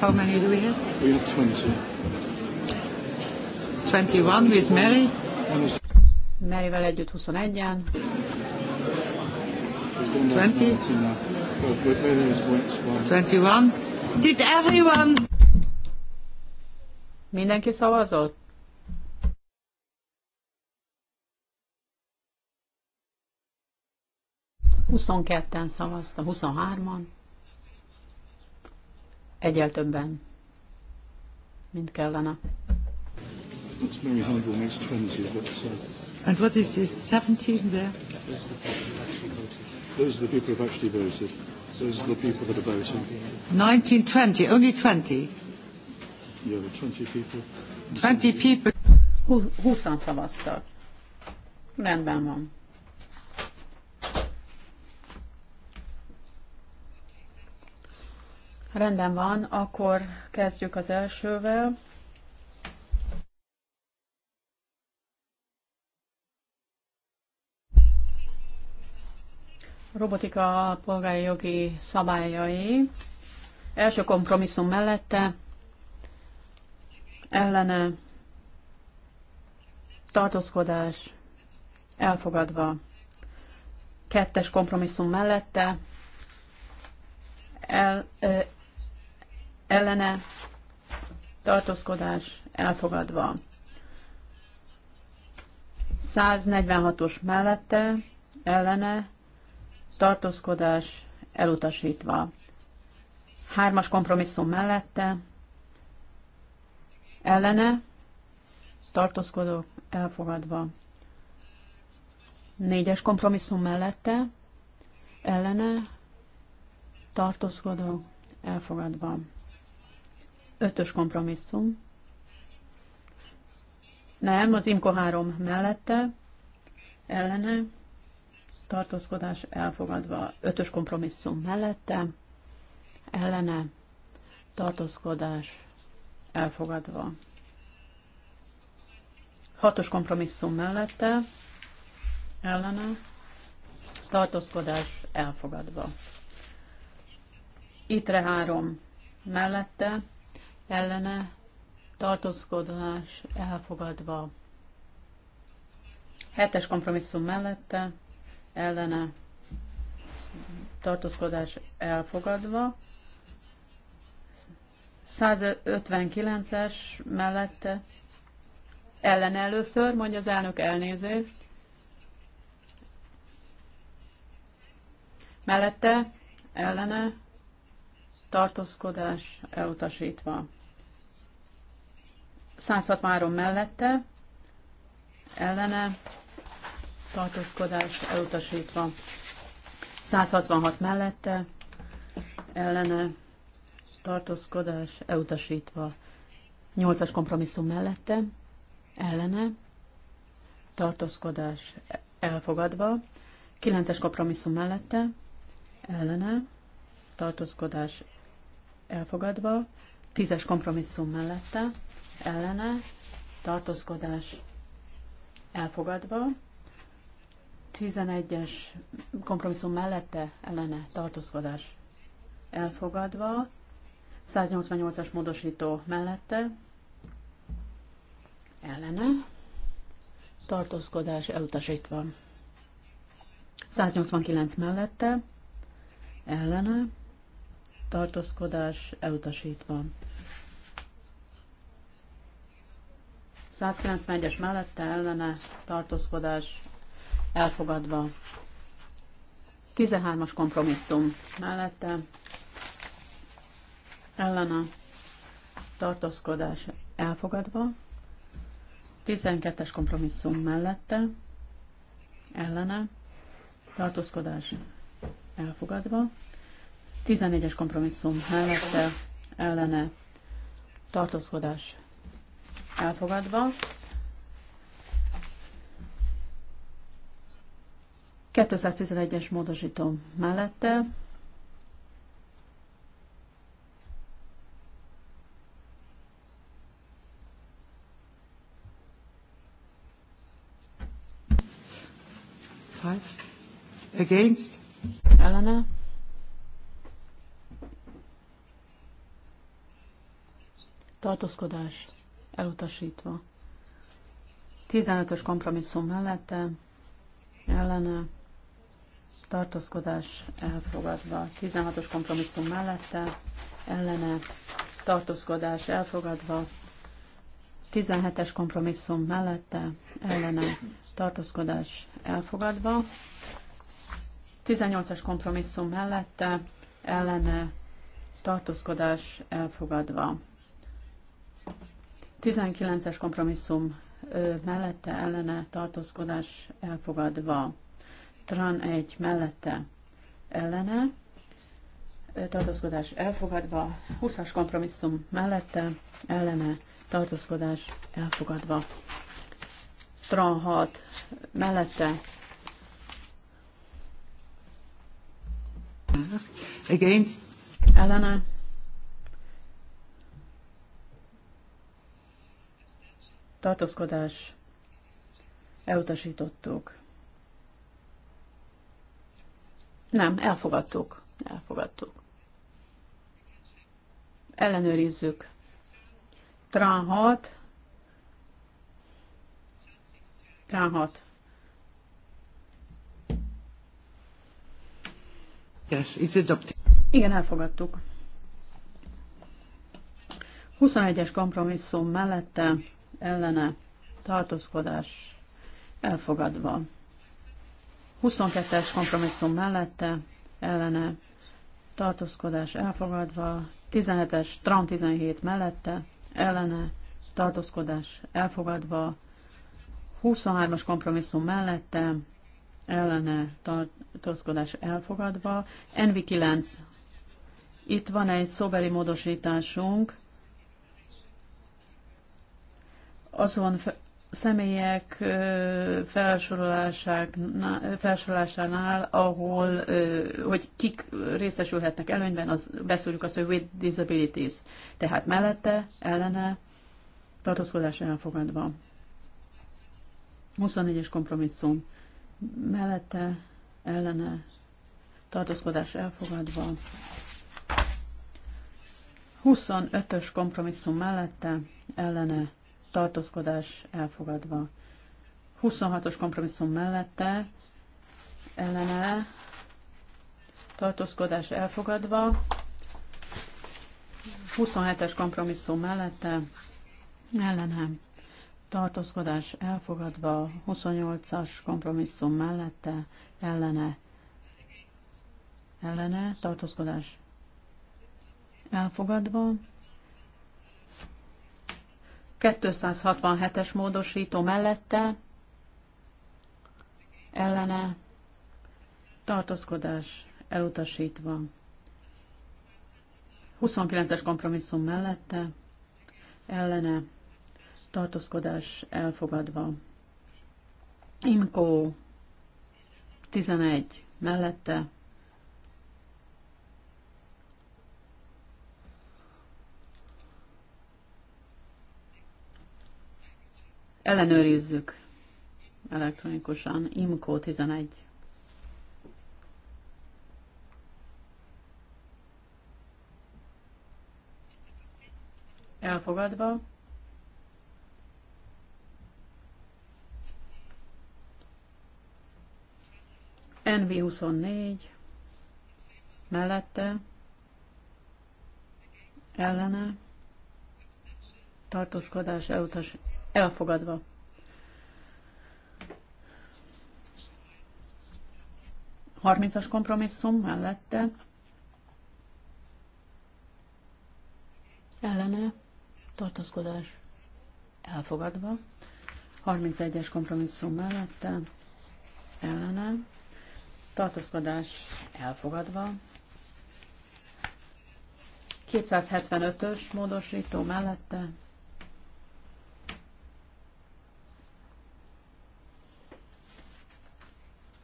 How many do we have? We have 20. 21 with Mary. Maryvel együtt 21-en. 20. 21. Did everyone Mindenki szavazott? Huszonketten szavaztam, 23-an. Egyel többen, mint kellene. It's very humble, makes 20, but, uh... And what is this, 17 there? Those are the people who have actually voted. Those are the people that are voting. 19, 20, only 20. 20 people. 20 people. 20 szavaztak. Rendben van. Rendben van, akkor kezdjük az elsővel. Robotika polgári jogi szabályai. Első kompromisszum mellette ellene tartózkodás elfogadva, kettes kompromisszum mellette el, ö, ellene tartózkodás elfogadva. 146-os mellette ellene tartózkodás elutasítva. Hármas kompromisszum mellette ellene, tartózkodok elfogadva. Négyes kompromisszum mellette, ellene, tartózkodok elfogadva. Ötös kompromisszum. Nem, az IMKO 3 mellette, ellene, tartózkodás elfogadva. Ötös kompromisszum mellette, ellene, tartózkodás elfogadva. Hatos kompromisszum mellette, ellene, tartózkodás elfogadva. Itre három mellette, ellene, tartózkodás elfogadva. Hetes kompromisszum mellette, ellene, tartózkodás elfogadva. 159-es mellette ellen először, mondja az elnök elnézést. Mellette ellene tartózkodás elutasítva. 163 mellette ellene tartózkodás elutasítva. 166 mellette ellene tartózkodás elutasítva. nyolcas kompromisszum mellette, ellene, tartózkodás elfogadva. kilences kompromisszum mellette, ellene, tartózkodás elfogadva. tízes kompromisszum mellette, ellene, tartózkodás elfogadva. 11-es kompromisszum mellette, ellene, tartózkodás elfogadva. 188-as módosító mellette ellene tartózkodás elutasítva. 189 mellette ellene tartózkodás elutasítva. 191-es mellette ellene tartózkodás elfogadva. 13-as kompromisszum mellette a tartózkodás elfogadva, 12-es kompromisszum mellette, ellene tartózkodás elfogadva, 14-es kompromisszum mellette, ellene tartózkodás elfogadva, es módosító mellette, Against? Ellene. Tartózkodás elutasítva. 15-ös kompromisszum mellette ellene tartózkodás elfogadva. 16-os kompromisszum mellette ellene tartózkodás elfogadva. 17-es kompromisszum mellette ellene tartózkodás elfogadva. 18-as kompromisszum mellette ellene tartózkodás elfogadva. 19-es kompromisszum mellette ellene tartózkodás elfogadva. Tran 1 mellette ellene tartózkodás elfogadva. 20-as kompromisszum mellette ellene tartózkodás elfogadva. Tran 6 mellette Against. Ellene. Tartózkodás. Elutasítottuk. Nem, elfogadtuk. Elfogadtuk. Ellenőrizzük. Trán 6. Trán 6. Yes, it's adopted. Igen, elfogadtuk. 21-es kompromisszum mellette ellene tartózkodás elfogadva. 22-es kompromisszum mellette ellene tartózkodás elfogadva. 17-es Tram 17 mellette ellene tartózkodás elfogadva. 23-as kompromisszum mellette ellene tartózkodás elfogadva. nv 9. Itt van egy szóbeli módosításunk. Azon személyek felsorolásánál, ahol, hogy kik részesülhetnek előnyben, az beszéljük azt, hogy with disabilities. Tehát mellette, ellene, tartózkodás elfogadva. 24-es kompromisszum mellette ellene tartózkodás elfogadva, 25-ös kompromisszum mellette ellene tartózkodás elfogadva, 26-os kompromisszum mellette ellene tartózkodás elfogadva, 27-es kompromisszum mellette ellenem tartózkodás elfogadva 28-as kompromisszum mellette ellene ellene tartózkodás elfogadva 267-es módosító mellette ellene tartózkodás elutasítva 29-es kompromisszum mellette ellene tartózkodás elfogadva. Imkó 11 mellette ellenőrizzük elektronikusan. Imkó 11. Elfogadva. NV24 mellette ellene tartózkodás elutas, elfogadva. Harmincas kompromisszum mellette ellene tartózkodás elfogadva. 31-es kompromisszum mellette ellene tartózkodás elfogadva. 275-ös módosító mellette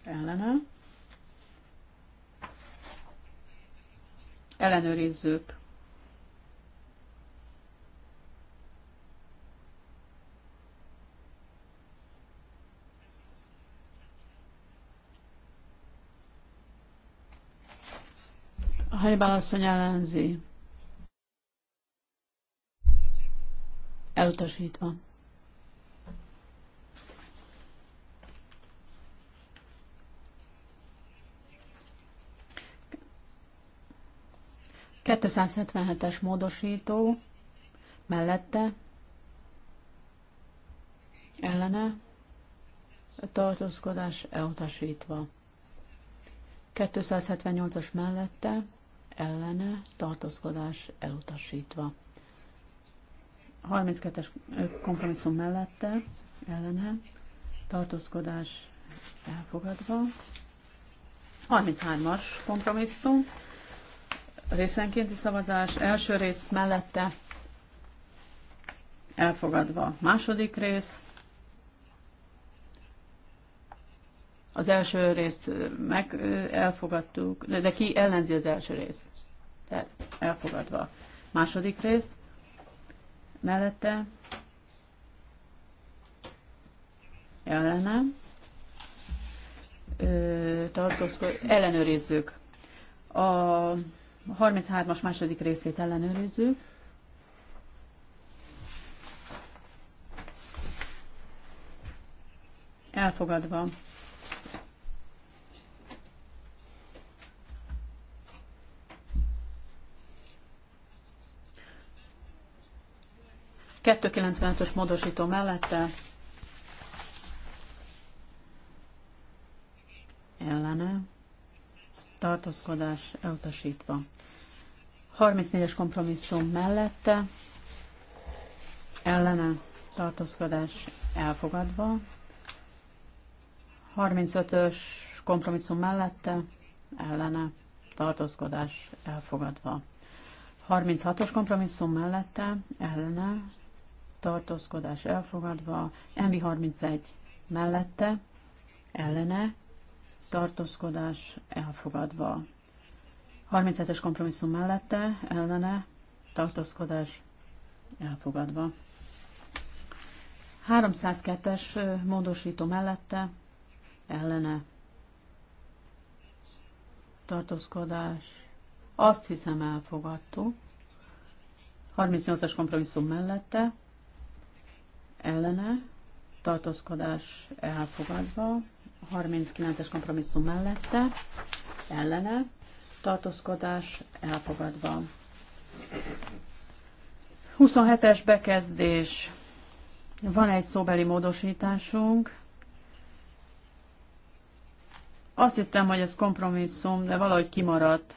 ellene. Ellenőrizzük Hannibal asszony ellenzi. Elutasítva. es módosító mellette ellene tartózkodás elutasítva. 278-as mellette ellene tartózkodás elutasítva. 32-es kompromisszum mellette ellene tartózkodás elfogadva. 33-as kompromisszum részenkénti szavazás első rész mellette elfogadva. Második rész Az első részt meg elfogadtuk, de ki ellenzi az első részt? Tehát elfogadva. Második rész mellette ellenem tartózkod, ellenőrizzük. A 33-as második részét ellenőrizzük. Elfogadva. 295-ös módosító mellette ellene tartózkodás elutasítva. 34-es kompromisszum mellette ellene tartózkodás elfogadva. 35-ös kompromisszum mellette ellene tartózkodás elfogadva. 36-os kompromisszum mellette ellene tartózkodás elfogadva, MB31 mellette, ellene, tartózkodás elfogadva. 37-es kompromisszum mellette, ellene, tartózkodás elfogadva. 302-es módosító mellette, ellene, tartózkodás, azt hiszem elfogadtuk. 38-as kompromisszum mellette, ellene, tartózkodás elfogadva, 39-es kompromisszum mellette, ellene, tartózkodás elfogadva. 27-es bekezdés. Van egy szóbeli módosításunk. Azt hittem, hogy ez kompromisszum, de valahogy kimaradt.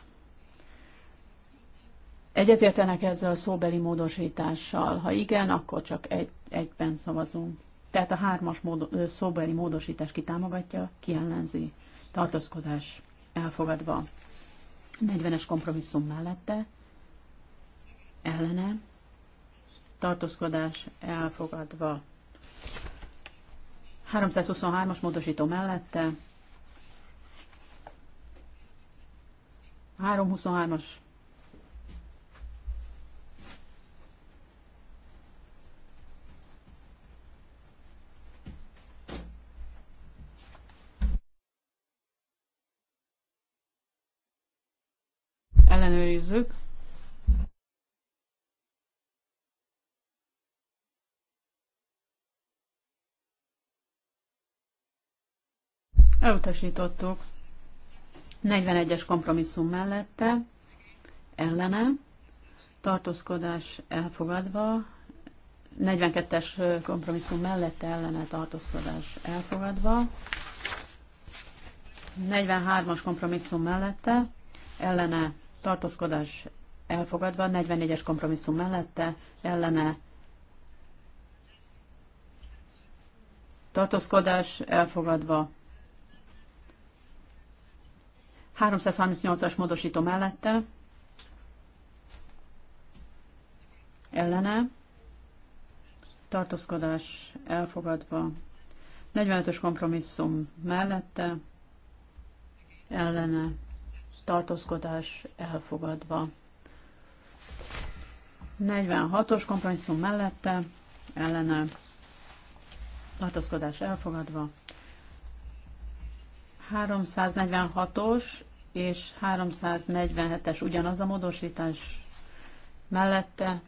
Egyetértenek ezzel a szóbeli módosítással? Ha igen, akkor csak egy, egyben szavazunk. Tehát a hármas módo, szóbeli módosítás ki támogatja, ki ellenzi. Tartózkodás elfogadva. 40-es kompromisszum mellette, ellene, tartózkodás elfogadva. 323-as módosító mellette, 323-as Elutasítottuk. 41-es kompromisszum mellette, ellene, tartózkodás elfogadva, 42-es kompromisszum mellette ellene tartózkodás elfogadva, 43-as kompromisszum mellette ellene tartózkodás elfogadva, 44-es kompromisszum mellette ellene tartózkodás elfogadva, 338-as módosító mellette ellene tartózkodás elfogadva, 45-ös kompromisszum mellette ellene tartózkodás elfogadva. 46-os kompromisszum mellette ellene tartózkodás elfogadva. 346-os és 347-es ugyanaz a módosítás mellette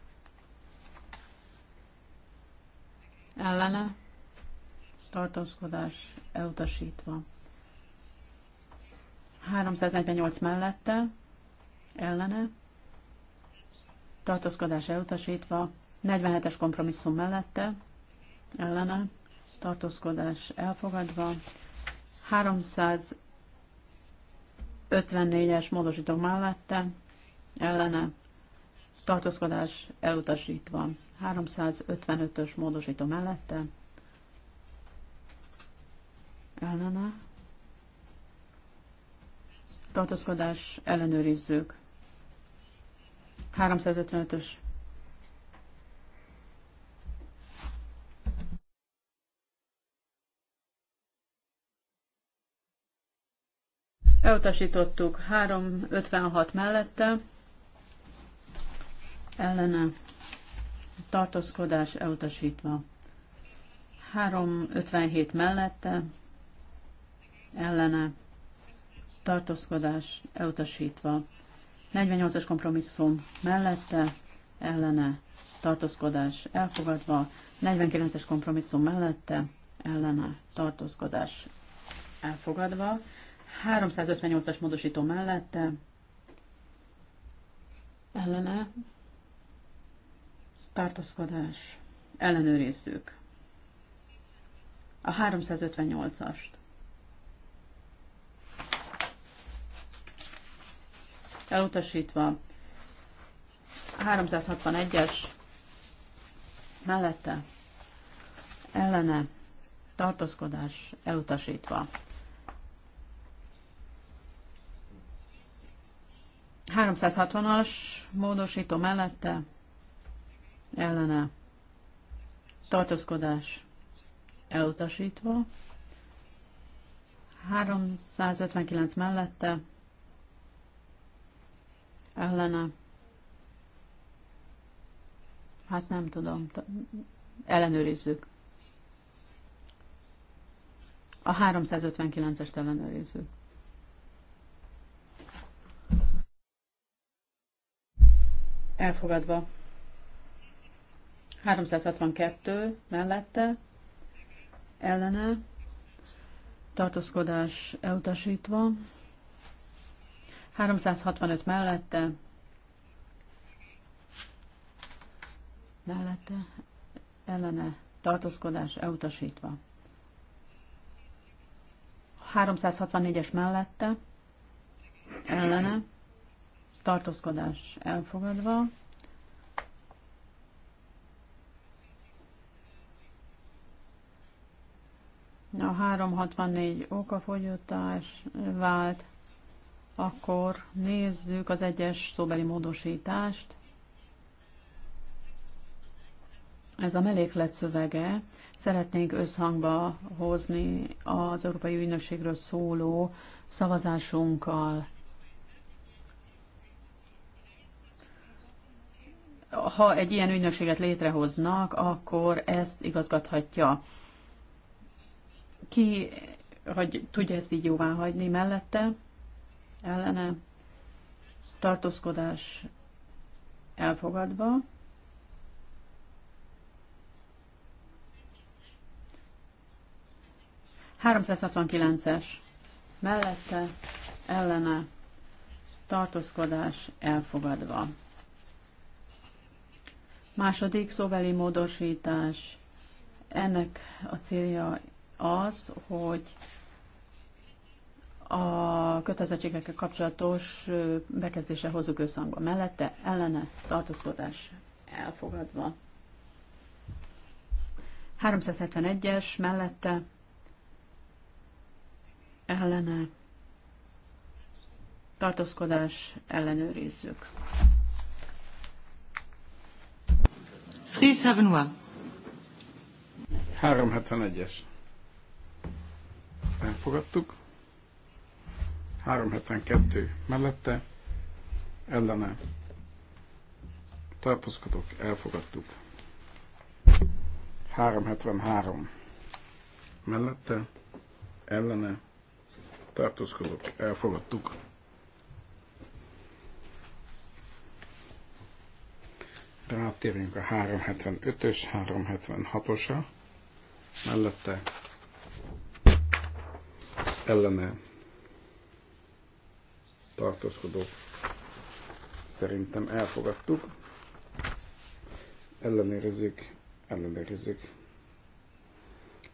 ellene tartózkodás elutasítva. 348 mellette ellene tartózkodás elutasítva, 47-es kompromisszum mellette ellene tartózkodás elfogadva, 300 54-es módosítók mellette ellene tartózkodás elutasítva. 355-ös módosító mellette ellene tartózkodás ellenőrizzük. 355-ös Elutasítottuk 356 mellette, ellene tartózkodás elutasítva. 357 mellette, ellene tartózkodás elutasítva. 48-as kompromisszum mellette, ellene tartózkodás elfogadva. 49-es kompromisszum mellette, ellene tartózkodás elfogadva. 358-as módosító mellette ellene tartózkodás ellenőrizzük a 358-ast. Elutasítva 361-es mellette ellene tartózkodás elutasítva. 360-as módosító mellette ellene tartózkodás elutasítva, 359 mellette ellene, hát nem tudom, ellenőrizzük. A 359-est ellenőrizzük. elfogadva. 362 mellette, ellene, tartózkodás elutasítva, 365 mellette, mellette, ellene, tartózkodás elutasítva. 364-es mellette, ellene, tartózkodás elfogadva. A 364 okafogyatás vált, akkor nézzük az egyes szóbeli módosítást. Ez a meléklet szövege. Szeretnénk összhangba hozni az Európai Ügynökségről szóló szavazásunkkal. ha egy ilyen ügynökséget létrehoznak, akkor ezt igazgathatja. Ki hogy tudja ezt így jóvá hagyni mellette, ellene, tartózkodás elfogadva, es mellette, ellene, tartózkodás elfogadva. Második szóveli módosítás. Ennek a célja az, hogy a kötelezettségekkel kapcsolatos bekezdése hozzuk összhangba. Mellette ellene tartózkodás elfogadva. 371-es mellette ellene tartózkodás ellenőrizzük. 371. 371-es. Elfogadtuk. 372 mellette, ellene tartózkodok, elfogadtuk. 373 mellette, ellene tartózkodok, elfogadtuk. Rátérünk a 375-ös, 376 osa Mellette ellene tartózkodó szerintem elfogadtuk. Ellenőrizzük, ellenőrizzük.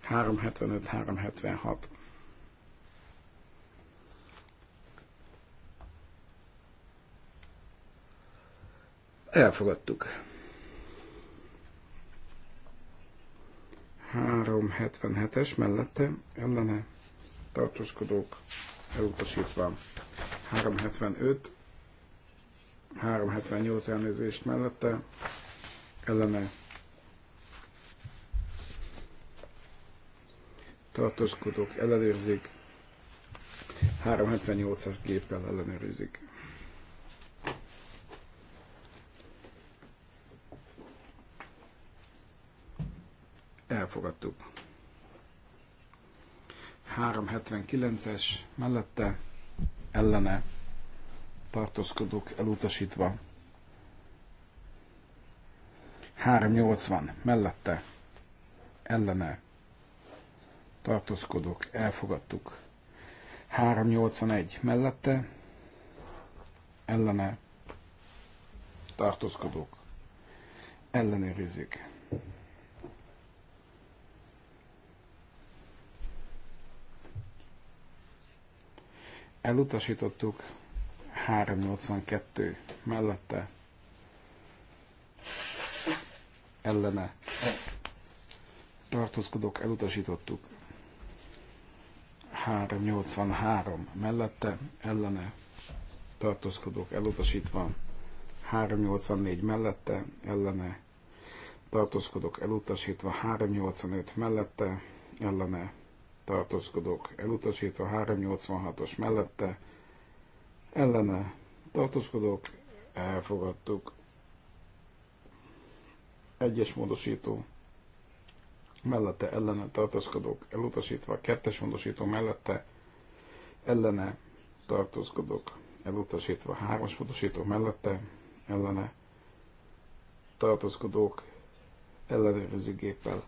375-376. Elfogadtuk. 377-es mellette ellene tartózkodók elutasítva. 375, 378 elnézést mellette ellene tartózkodók ellenőrzik, 378-as géppel ellenőrzik. elfogadtuk. 379-es mellette ellene tartózkodók elutasítva. 380 mellette ellene tartózkodók elfogadtuk. 381 mellette ellene tartózkodók ellenőrizzük. elutasítottuk 382 mellette ellene tartózkodók elutasítottuk 383 mellette ellene tartózkodók elutasítva 384 mellette ellene tartózkodók elutasítva 385 mellette ellene tartózkodók elutasítva, 386-os mellette, ellene tartózkodók elfogadtuk, egyes módosító mellette ellene tartózkodók elutasítva, kettes módosító mellette ellene tartózkodók elutasítva, hármas módosító mellette ellene tartózkodók ellenőrző géppel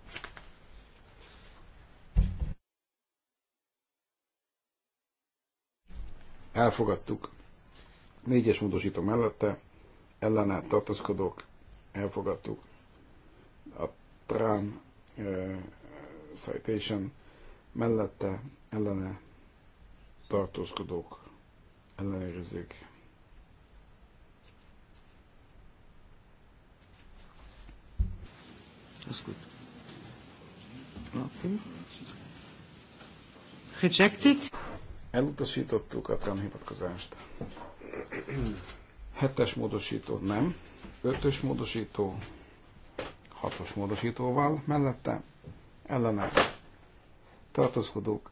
elfogadtuk. Négyes módosító mellette, ellene tartozkodók, elfogadtuk. A Trán uh, Citation mellette, ellene tartózkodók, ellenőrizzük. Ez gut. Okay. Rejected. Elutasítottuk a TRAN hivatkozást. Hetes módosító nem. Ötös módosító, hatos módosítóval mellette ellene tartózkodók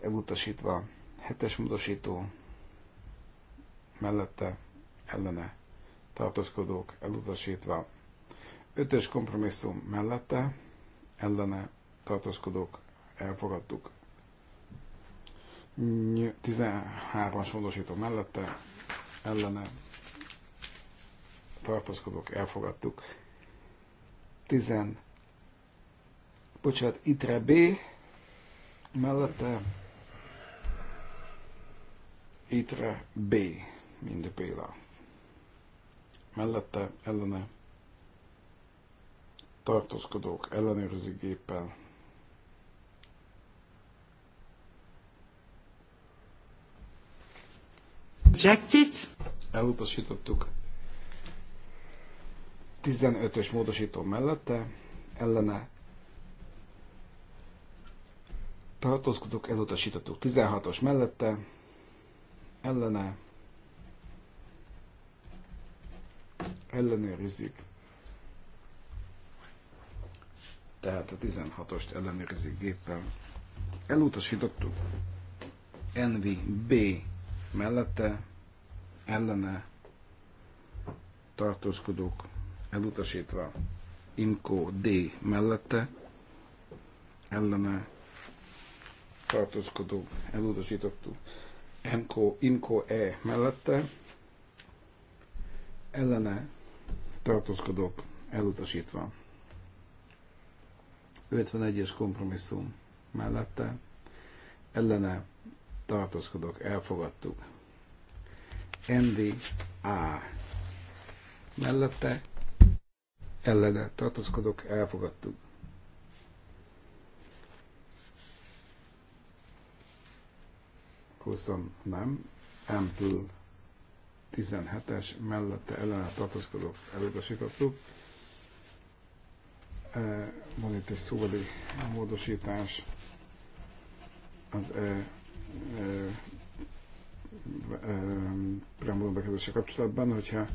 elutasítva hetes módosító mellette ellene tartózkodók elutasítva ötös kompromisszum mellette ellene tartózkodók elfogadtuk 13-as módosító mellette ellene tartózkodók elfogadtuk. 10 bocsánat, itre B mellette itre B mind Béla mellette ellene tartózkodók ellenőrzi géppel rejected. Elutasítottuk. 15-ös módosító mellette, ellene tartózkodok, elutasítottuk. 16-os mellette, ellene ellenőrizzük. Tehát a 16-ost ellenőrizzük géppel. Elutasítottuk. NVB mellette ellene tartózkodók elutasítva Imco D mellette ellene tartózkodók elutasítottuk Imco, Imco E mellette ellene tartózkodók elutasítva 51-es kompromisszum mellette ellene tartózkodók elfogadtuk NDA mellette ellene tartozkodok, elfogadtuk. Hozzam nem, Ample 17-es mellette ellene tartozkodok, elutasítottuk. E, van itt egy szóvali módosítás az e, e preambulum bekezdése kapcsolatban, hogyha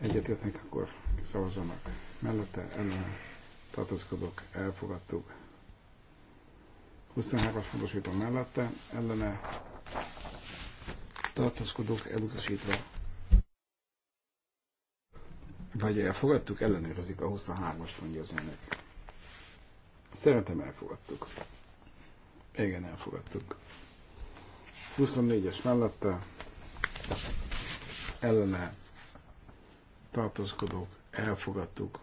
egyetértnek, akkor szavazzanak. Mellette ellen tartózkodok, elfogadtuk. 23-as módosítom mellette ellene tartózkodok, elutasítva. Vagy elfogadtuk, ellenőrzik a 23-as, mondja az ennek. Szerintem elfogadtuk. Igen, elfogadtuk. 24-es mellette ellene tartózkodók elfogadtuk.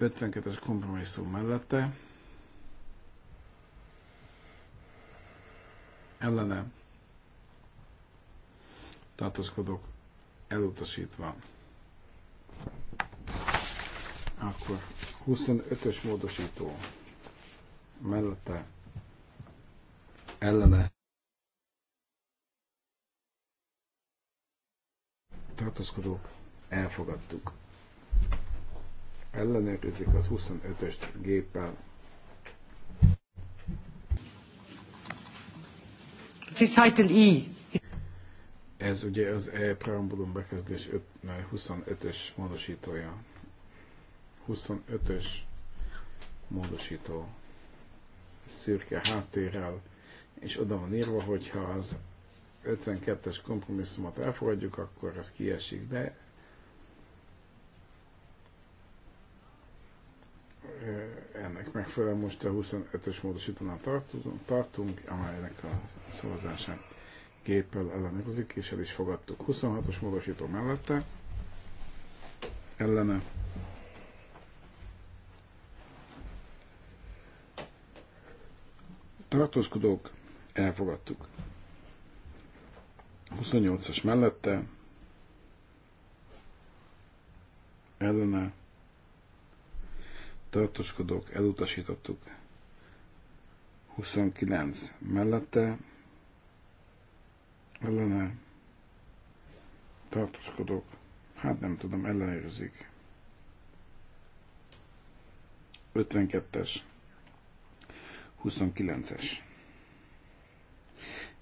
52-es kompromisszum mellette ellene tartózkodók elutasítva. Akkor 25-ös módosító mellette ellene tartózkodók, elfogadtuk. Ellenőrizik az 25-öst géppel. Recital E. Ez ugye az E preambulum bekezdés 25-ös módosítója. 25-ös módosító szürke háttérrel, és oda van írva, hogyha az 52-es kompromisszumot elfogadjuk, akkor ez kiesik, de ennek megfelelően most a 25-ös módosítónál tartunk, tartunk, amelynek a szavazását géppel ellenőrzik, és el is fogadtuk. 26-os módosító mellette, ellene tartózkodók, elfogadtuk. 28-as mellette ellene tartoskodók, elutasítottuk. 29 mellette ellene tartoskodók, hát nem tudom, ellenőrzik. 52-es, 29-es.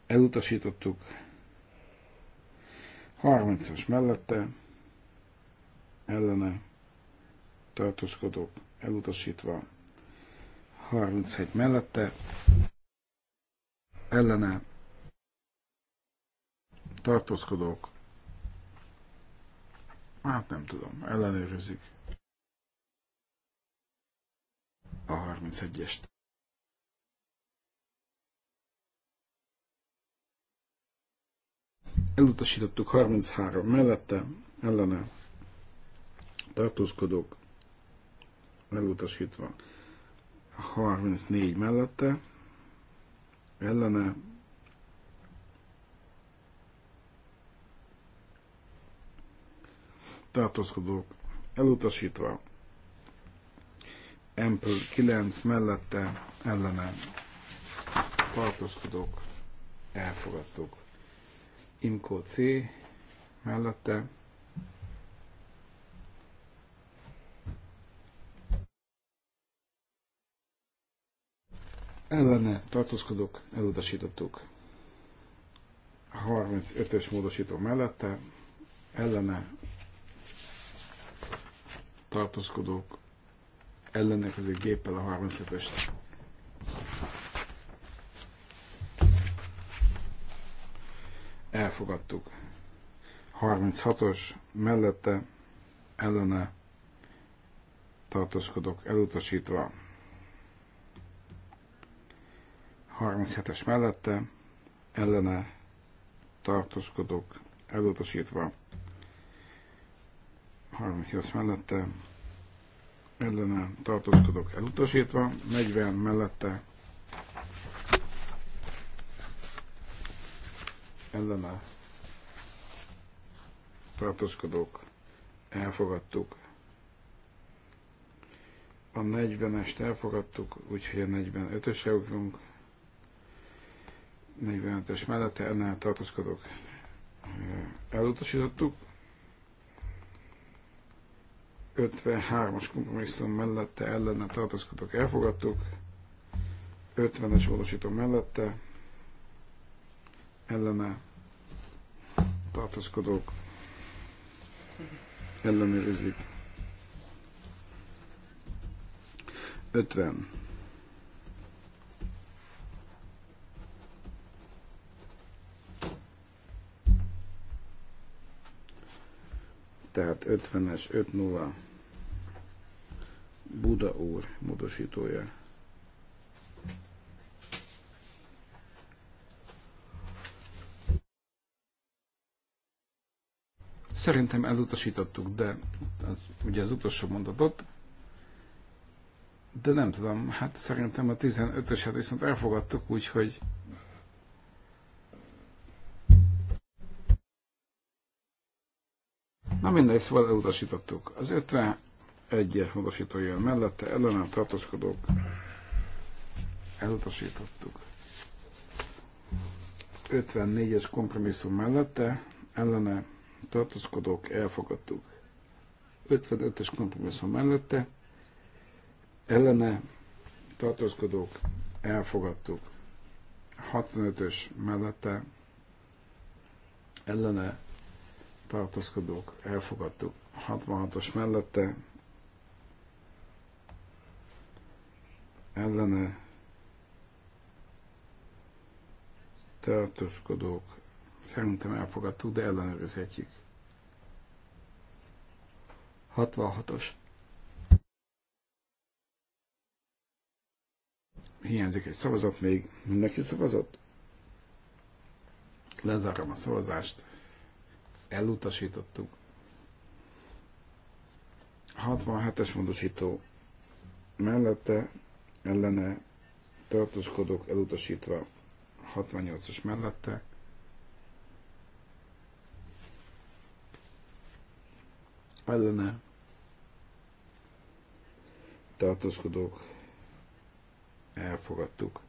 Elutasítottuk 30-as mellette ellene tartózkodók elutasítva, 31 mellette ellene tartózkodók, hát nem tudom, ellenőrizik a 31-est. elutasítottuk 33 mellette, ellene tartózkodók elutasítva 34 mellette, ellene tartózkodók elutasítva Ample 9 mellette ellene tartózkodók elfogadtuk. Imco C mellette. Ellene tartózkodók elutasítottuk. 35-ös módosító mellette. Ellene tartózkodók ellenőrzik géppel a 35-est. elfogadtuk. 36-os mellette ellene tartózkodok elutasítva. 37-es mellette ellene tartózkodok elutasítva. 38 mellette ellene tartózkodok elutasítva, 40 mellette ellene tartózkodók elfogadtuk. A 40-est elfogadtuk, úgyhogy a 45-ösre ugrunk. 45-ös mellett ellene tartózkodók eh, elutasítottuk. 53-as kompromisszum mellette ellene tartózkodók elfogadtuk. 50-es módosító mellette ellene tartózkodók ellenőrizik. 50. Tehát 50-es 5-0 Buda úr módosítója. Szerintem elutasítottuk, de ugye az utolsó mondatot, de nem tudom, hát szerintem a 15-öset viszont elfogadtuk, úgyhogy Na mindegy, szóval elutasítottuk. Az 51-es módosító jön mellette, ellenem tartózkodók. Elutasítottuk. 54-es kompromisszum mellette, ellene tartózkodók, elfogadtuk. 55-ös kompromisszum mellette, ellene tartózkodók, elfogadtuk. 65-ös mellette, ellene tartózkodók, elfogadtuk. 66-os mellette, ellene tartózkodók, Szerintem elfogadtuk, de ellenőrizhetjük. 66-os. Hiányzik egy szavazat még. Mindenki szavazott? Lezárom a szavazást. Elutasítottuk. 67-es módosító mellette ellene tartózkodok elutasítva 68-as mellette ellene tartózkodók elfogadtuk.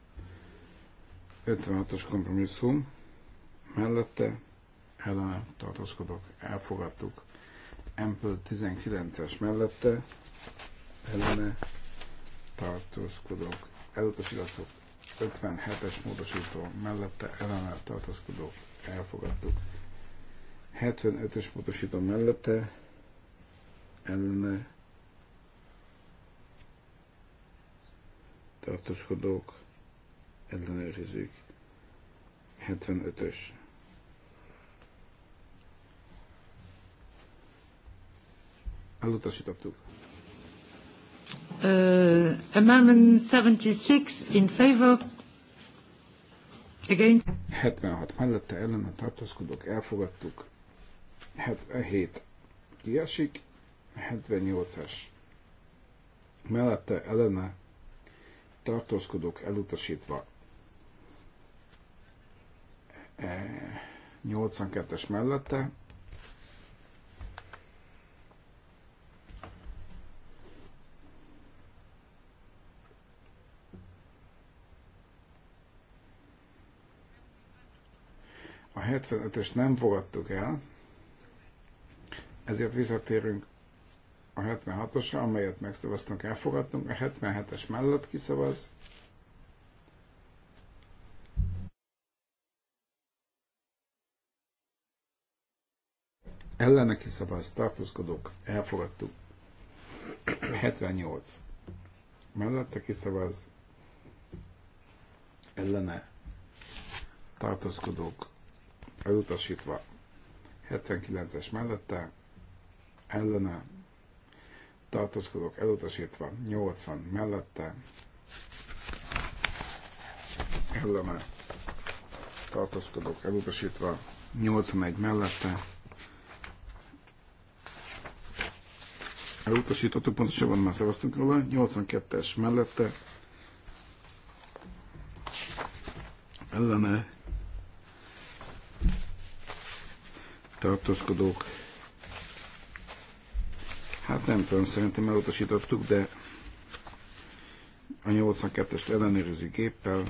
56-os kompromisszum mellette ellene tartózkodók elfogadtuk. Ample 19-es mellette ellene tartózkodók elutasítottuk. 57-es módosító mellette ellene tartózkodók elfogadtuk. 75-ös módosító mellette elme tartoskodók ellenőrizők 75-ös elutasítottuk uh, amendment 76 in favor Again. 76 mellette ellen a tartózkodók elfogadtuk 77 kiesik 78 es mellette Elena tartózkodók elutasítva 82-es e, mellette a 75 est nem fogadtuk el, ezért visszatérünk a 76-osra, amelyet megszavaztunk, elfogadtunk, a 77-es mellett kiszavaz. Ellene kiszavaz, tartózkodók, elfogadtuk. 78. Mellette kiszavaz, ellene tartózkodók, elutasítva. 79-es mellette, ellene tartózkodók elutasítva, 80 mellette, ellene tartózkodók elutasítva, 81 mellette, elutasítottuk, pontosabban már szavaztunk róla, 82-es mellette, ellene tartózkodók Hát nem tudom, szerintem elutasítottuk, de a 82-est ellenőrizi géppel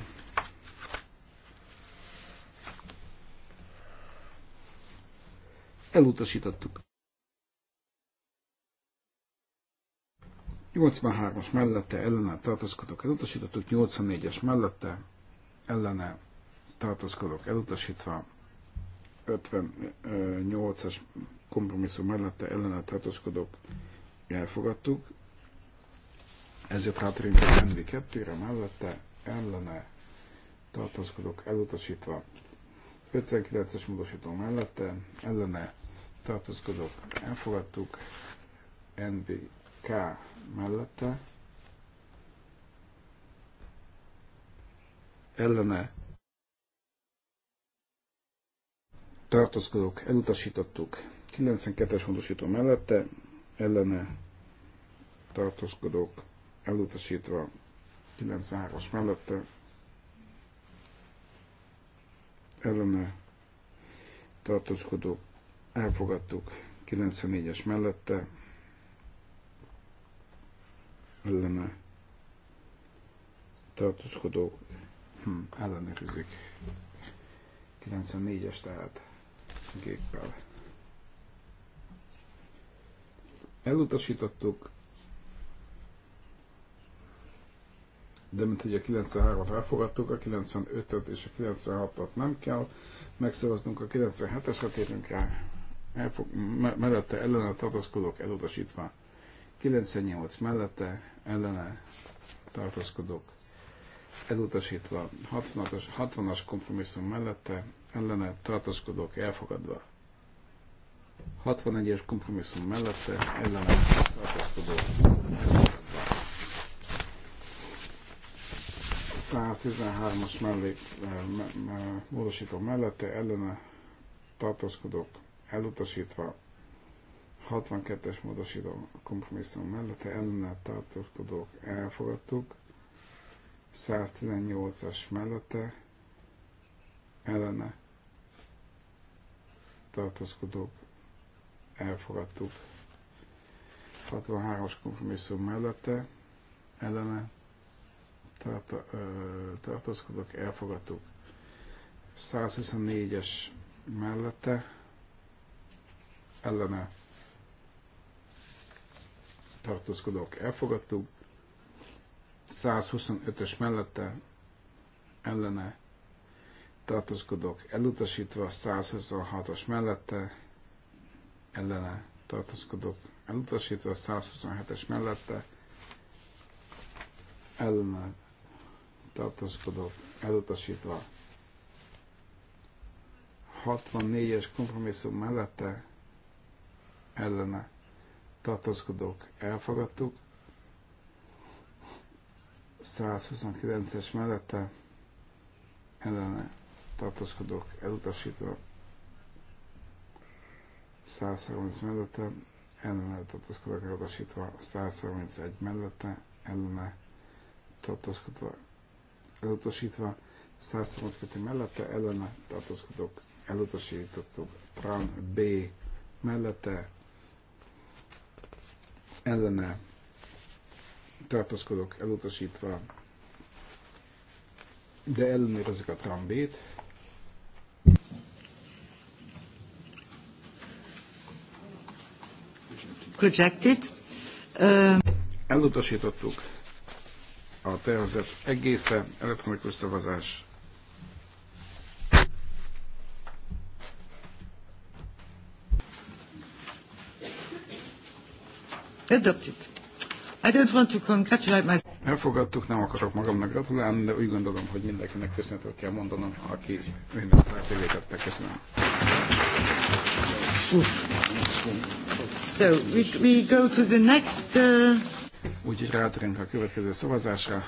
elutasítottuk. 83-as mellette ellene tartozkodok, elutasítottuk, 84-es mellette ellene tartozkodok, elutasítva, 58-as kompromisszum mellette ellene tartozkodok, elfogadtuk, ezért hátrénk a rendi kettőre mellette ellene tartózkodok elutasítva, 59-es módosító mellette ellene tartózkodok elfogadtuk, NBK mellette ellene tartózkodok elutasítottuk, 92-es módosító mellette ellene tartózkodók elutasítva 93-as mellette ellene tartózkodók elfogadtuk 94-es mellette ellene tartózkodók hm, ellenőrizik 94-es tehát géppel elutasítottuk de mint hogy a 93-at elfogadtuk, a 95-öt és a 96-at nem kell megszavaznunk, a 97-esre térünk rá. Elfog, me- mellette ellene tartózkodók elutasítva. 98 mellette ellene tartózkodók elutasítva. 60-as, 60-as kompromisszum mellette ellene tartózkodók elfogadva. 61-es kompromisszum mellette ellene tartózkodók elfogadva. 113-as mellék eh, módosító mellette ellene tartózkodók elutasítva 62-es módosító kompromisszum mellette ellene tartózkodók elfogadtuk, 118-as mellette ellene tartózkodók elfogadtuk, 63-as kompromisszum mellette ellene tart, elfogadtuk. 124-es mellette ellene tartózkodók elfogadtuk. 125-ös mellette ellene tartózkodók elutasítva, 126-os mellette ellene tartózkodók elutasítva, 127-es mellette ellene tartózkodók elutasítva. 64-es kompromisszum mellette ellene tartózkodók elfogadtuk. 129-es mellette ellene tartózkodók elutasítva. 130 mellette ellene tartózkodók elutasítva. 131 mellette ellene tartózkodók elutasítva, 132 mellette ellene tartózkodók elutasítottuk, Trump B mellette ellene tartózkodók elutasítva, de ellenőrzik a Trump B-t, Projected. Uh... Elutasítottuk a tervezet egészen elektronikus szavazás. Adopted. I don't want to congratulate myself. Elfogadtuk, nem akarok magamnak gratulálni, de úgy gondolom, hogy mindenkinek köszönetet kell mondanom, aki mindent lehetővé tette. Köszönöm. So, we, we go to the next... Uh... Úgyhogy rátérünk a következő szavazásra.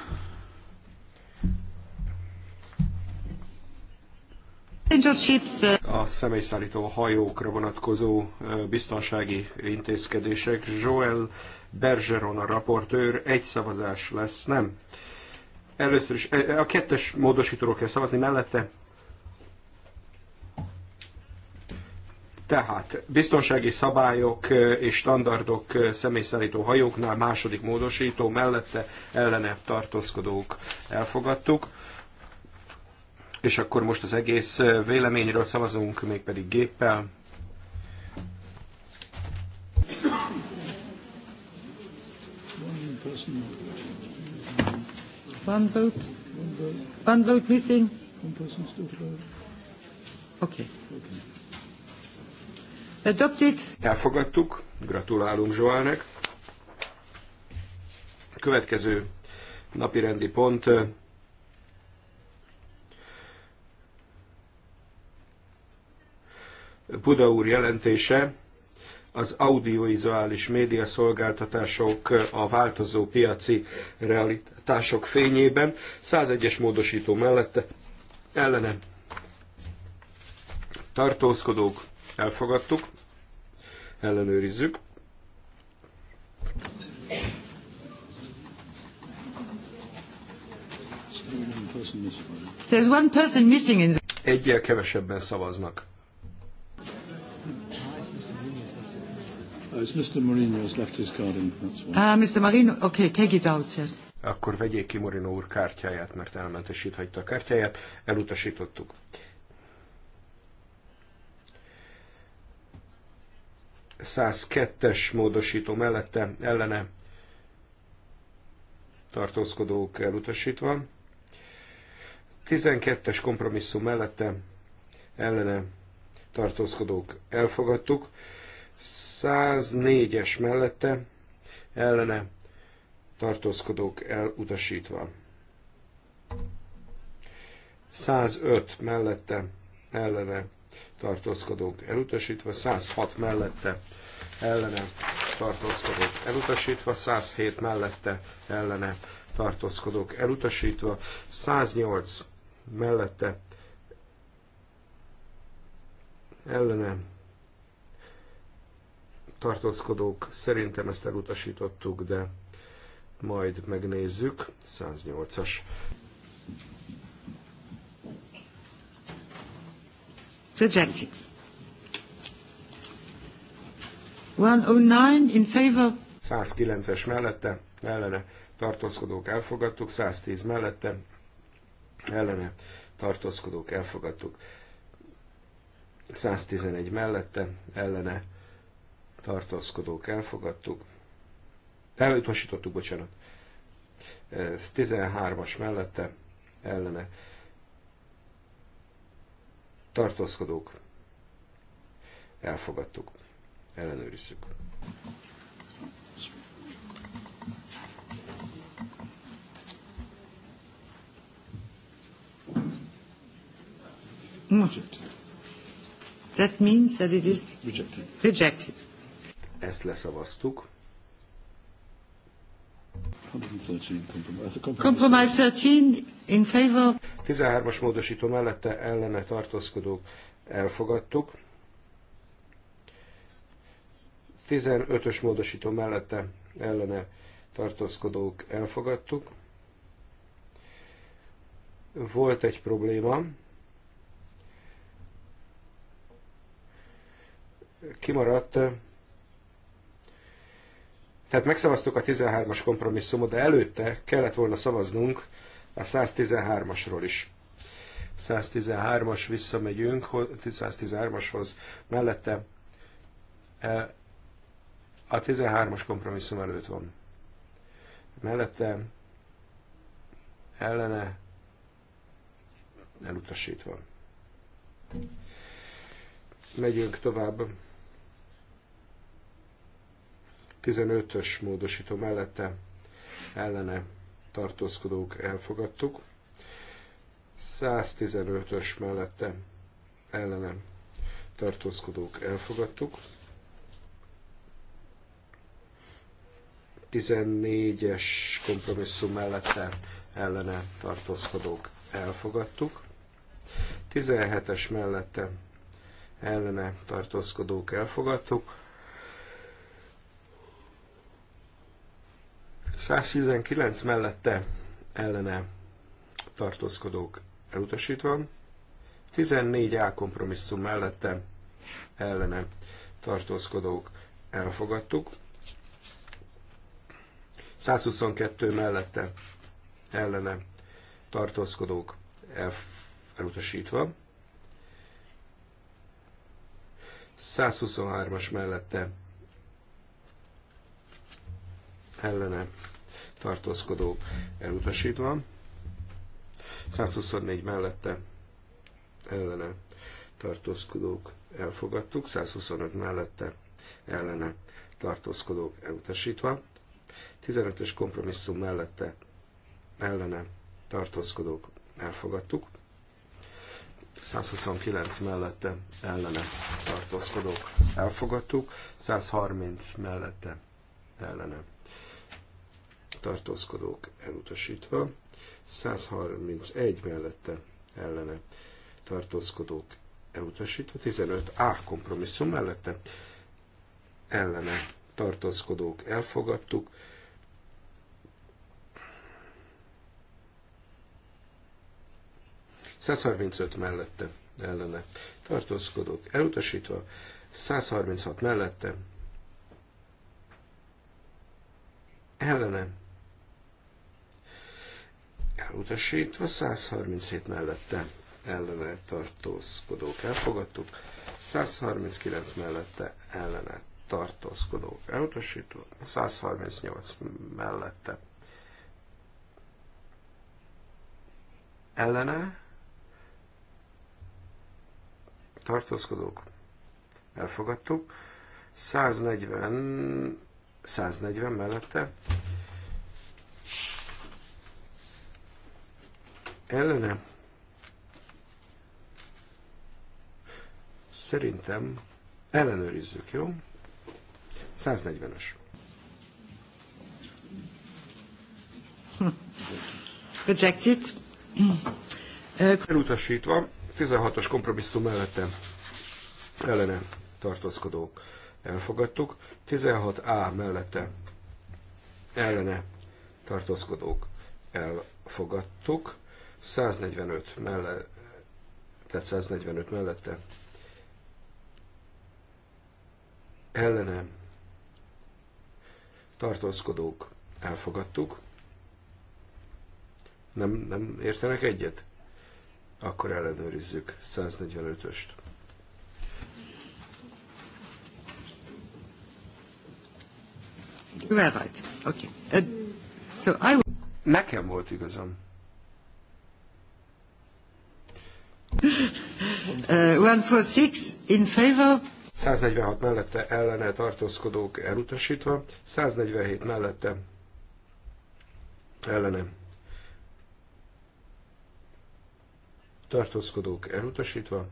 A személyszállító hajókra vonatkozó biztonsági intézkedések. Joel Bergeron a raportőr, egy szavazás lesz, nem? Először is a kettes módosítóról kell szavazni mellette, Tehát biztonsági szabályok és standardok személyszállító hajóknál második módosító mellette ellene tartózkodók elfogadtuk. És akkor most az egész véleményről szavazunk, mégpedig géppel. One vote. One vote missing. One person's too Okay. okay. Adopted. Elfogadtuk. Gratulálunk Zsoálnek. Következő napi rendi pont. Buda úr jelentése az audiovizuális szolgáltatások a változó piaci realitások fényében. 101-es módosító mellette ellene tartózkodók Elfogadtuk. Ellenőrizzük. There's one person missing in the... Egyel kevesebben szavaznak. Uh, Mr. Marino's left his card in, that's why. uh, Mr. Marino, okay, take it out, yes. Akkor vegyék ki Morino úr kártyáját, mert elmentesíthatta a kártyáját. Elutasítottuk. 102-es módosító mellette ellene tartózkodók elutasítva. 12-es kompromisszum mellette ellene tartózkodók elfogadtuk. 104-es mellette ellene tartózkodók elutasítva. 105 mellette ellene tartózkodók elutasítva, 106 mellette ellene tartózkodók elutasítva, 107 mellette ellene tartózkodók elutasítva, 108 mellette ellene tartózkodók, szerintem ezt elutasítottuk, de majd megnézzük, 108-as. Rejected. 109 in favor. 109-es mellette, ellene tartózkodók elfogadtuk, 110 mellette, ellene tartózkodók elfogadtuk, 111 mellette, ellene tartózkodók elfogadtuk, elutasítottuk, bocsánat, 13-as mellette, ellene tartózkodók, elfogadtuk, ellenőrizzük. That means that it is rejected. Ezt leszavaztuk. 13 in favor. 13-as módosító mellette ellene tartózkodók elfogadtuk. 15-ös módosító mellette ellene tartózkodók elfogadtuk. Volt egy probléma. Kimaradt tehát megszavaztuk a 13-as kompromisszumot, de előtte kellett volna szavaznunk a 113-asról is. 113-as visszamegyünk, 113-ashoz mellette e, a 13-as kompromisszum előtt van. Mellette ellene elutasítva. Megyünk tovább. 15-ös módosító mellette ellene tartózkodók elfogadtuk. 115-ös mellette ellene tartózkodók elfogadtuk. 14-es kompromisszum mellette ellene tartózkodók elfogadtuk. 17-es mellette ellene tartózkodók elfogadtuk. 119 mellette ellene tartózkodók elutasítva, 14 A kompromisszum mellette ellene tartózkodók elfogadtuk, 122 mellette ellene tartózkodók elutasítva, 123-as mellette ellene tartózkodó elutasítva. 124 mellette ellene tartózkodók elfogadtuk, 125 mellette ellene tartózkodók elutasítva, 15-ös kompromisszum mellette ellene tartózkodók elfogadtuk, 129 mellette ellene tartózkodók elfogadtuk, 130 mellette ellene tartózkodók elutasítva, 131 mellette ellene tartózkodók elutasítva, 15A kompromisszum mellette ellene tartózkodók elfogadtuk, ...135 mellette ellene tartózkodók elutasítva, 136 mellette ellene elutasítva, 137 mellette ellene tartózkodók elfogadtuk, 139 mellette ellene tartózkodók elutasítva, 138 mellette ellene tartózkodók elfogadtuk, 140, 140 mellette ellene. Szerintem ellenőrizzük, jó? 140-ös. Hm. Rejected. Elutasítva, 16-os kompromisszum mellette ellene tartózkodók elfogadtuk, 16A mellette ellene tartózkodók elfogadtuk, 145 mellett, tehát 145 mellette ellene tartózkodók elfogadtuk. Nem, nem értenek egyet? Akkor ellenőrizzük 145-öst. Well, right. Okay. Uh, so I... Nekem volt igazam. 146 uh, in favor. 146 mellette ellene tartózkodók elutasítva, 147 mellette ellene tartózkodók elutasítva,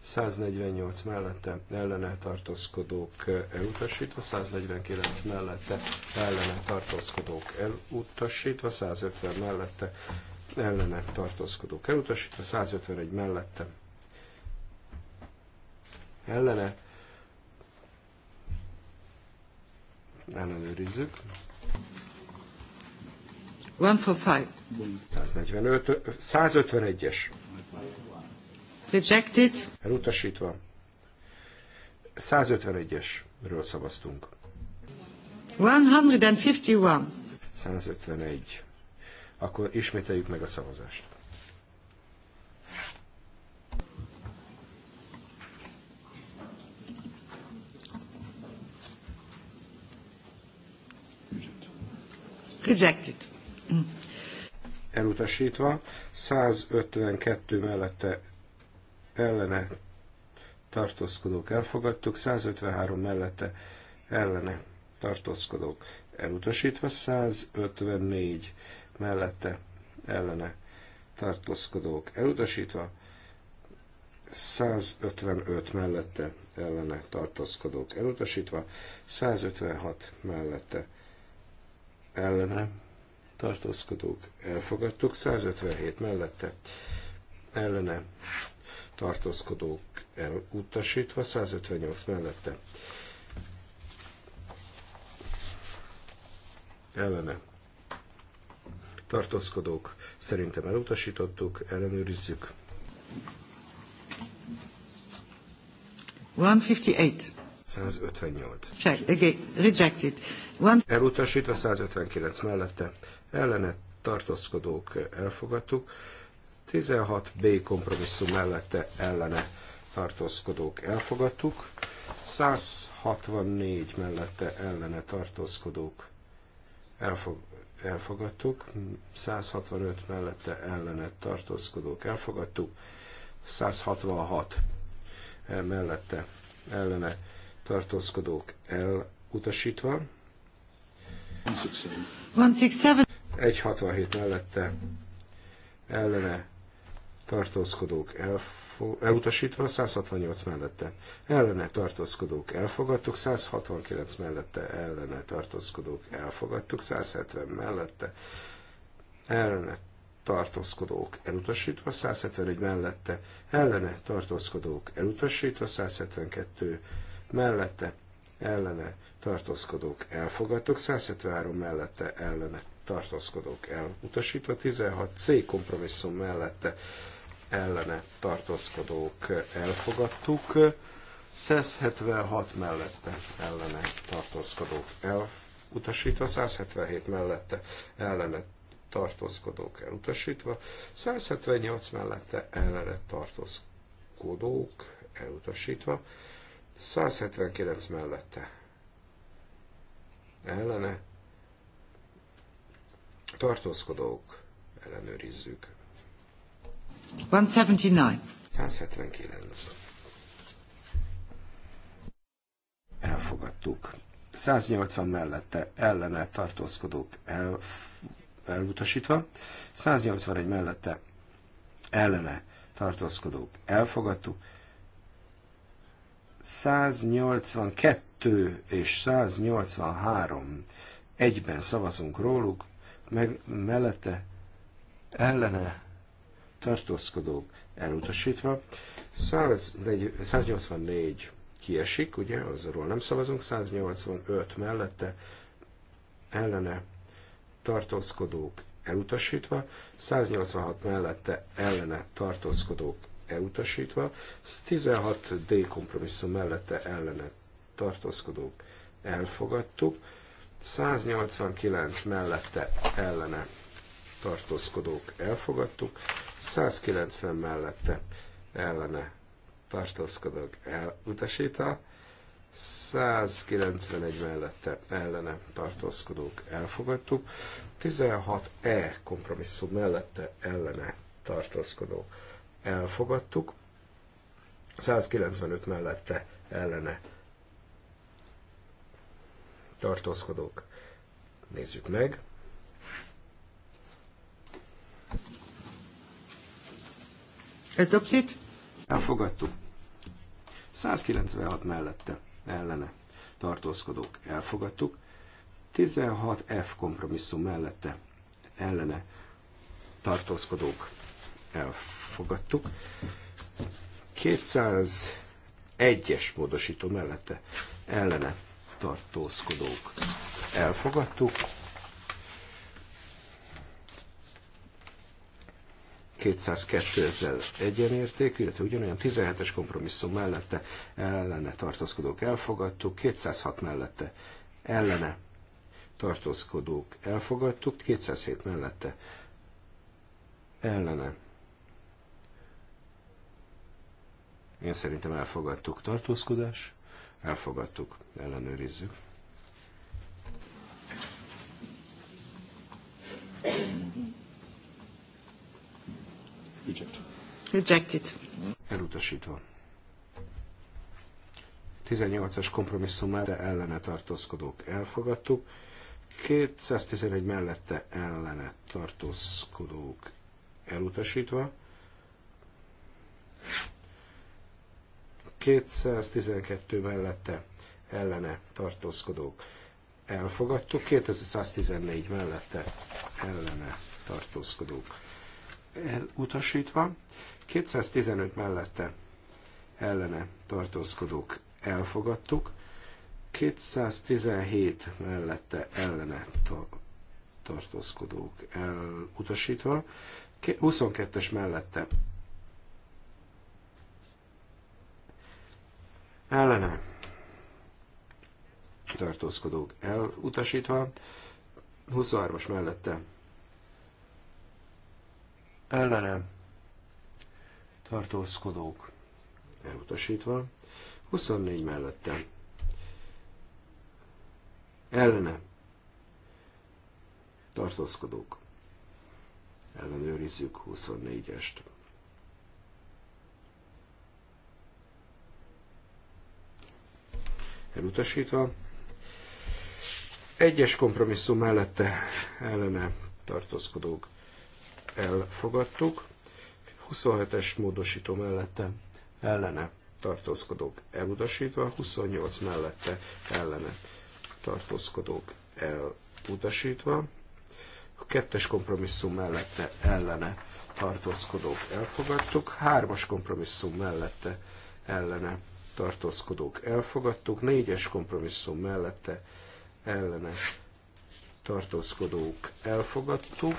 148 mellette ellene tartózkodók elutasítva, 149 mellette ellene tartózkodók elutasítva, 150 mellette ellene tartózkodók elutasítva, 151 mellette ellene ellenőrizzük. five. 145. 151-es. Rejected. Elutasítva. 151-esről szavaztunk. 151. 151 akkor ismételjük meg a szavazást. Rejected. Elutasítva, 152 mellette ellene tartózkodók elfogadtuk, 153 mellette ellene tartózkodók elutasítva, 154 mellette ellene tartózkodók elutasítva, 155 mellette ellene tartózkodók elutasítva, 156 mellette ellene tartózkodók elfogadtuk, 157 mellette ellene tartózkodók elutasítva, 158 mellette ellene tartózkodók. Szerintem elutasítottuk, ellenőrizzük. 158. 158. Check, again, rejected. One... Elutasítva 159 mellette, ellene tartózkodók elfogadtuk, 16B kompromisszum mellette ellene tartózkodók elfogadtuk, 164 mellette ellene tartózkodók elfog, elfogadtuk, 165 mellette ellenet tartózkodók elfogadtuk, 166 mellette ellene tartózkodók elutasítva, 167 mellette ellene tartózkodók elfogadtuk, elutasítva, 168 mellette ellene tartózkodók elfogadtuk, 169 mellette ellene tartózkodók elfogadtuk, 170 mellette ellene tartózkodók elutasítva, 171 mellette ellene tartózkodók elutasítva, 172 mellette ellene tartózkodók elfogadtuk, 173 mellette ellene tartózkodók elutasítva, 16 C kompromisszum mellette ellene tartózkodók elfogadtuk, 176 mellette ellene tartózkodók elutasítva, 177 mellette ellene tartózkodók elutasítva, 178 mellette ellene tartózkodók elutasítva, 179 mellette ellene tartózkodók ellenőrizzük. 179. Elfogadtuk. 180 mellette ellene tartózkodók el, elutasítva, 181 mellette ellene tartózkodók elfogadtuk, 182 és 183 egyben szavazunk róluk, meg mellette ellene tartózkodók elutasítva. 184 kiesik, ugye, azról nem szavazunk, 185 mellette ellene tartózkodók elutasítva, 186 mellette ellene tartózkodók elutasítva, 16D kompromisszum mellette ellene tartózkodók elfogadtuk, 189 mellette ellene tartózkodók elfogadtuk, 190 mellette ellene tartózkodók elutasítva, 191 mellette ellene tartózkodók elfogadtuk, 16E kompromisszum mellette ellene tartózkodók elfogadtuk, 195 mellette ellene tartózkodók. Nézzük meg. Adopted. Elfogadtuk. 196 mellette ellene tartózkodók elfogadtuk. 16F kompromisszum mellette ellene tartózkodók elfogadtuk. 201-es módosító mellette ellene tartózkodók elfogadtuk. 202 ezzel egyenértékű, illetve ugyanolyan 17-es kompromisszum mellette ellene tartózkodók elfogadtuk, 206 mellette ellene tartózkodók elfogadtuk, 207 mellette ellene. Én szerintem elfogadtuk tartózkodás, elfogadtuk, ellenőrizzük. Thank you. Rejected. Rejected. Elutasítva. 18-as kompromisszum mellette ellene tartózkodók elfogadtuk. 211 mellette ellene tartózkodók elutasítva. 212 mellette ellene tartózkodók elfogadtuk, 2114 mellette ellene tartózkodók elutasítva, 215 mellette ellene tartózkodók elfogadtuk, 217 mellette ellene tartózkodók elutasítva, 22-es mellette ellene tartózkodók elutasítva, 23-as mellette ellene tartózkodók elutasítva, 24 mellette ellene tartózkodók ellenőrizzük 24-est. Elutasítva. Egyes kompromisszum mellette ellene tartózkodók elfogadtuk. 27-es módosító mellette ellene tartózkodók elutasítva, 28 mellette ellene tartózkodók elutasítva, a kettes kompromisszum mellette ellene tartózkodók elfogadtuk, hármas kompromisszum mellette ellene tartózkodók elfogadtuk, négyes kompromisszum mellette ellene tartózkodók elfogadtuk,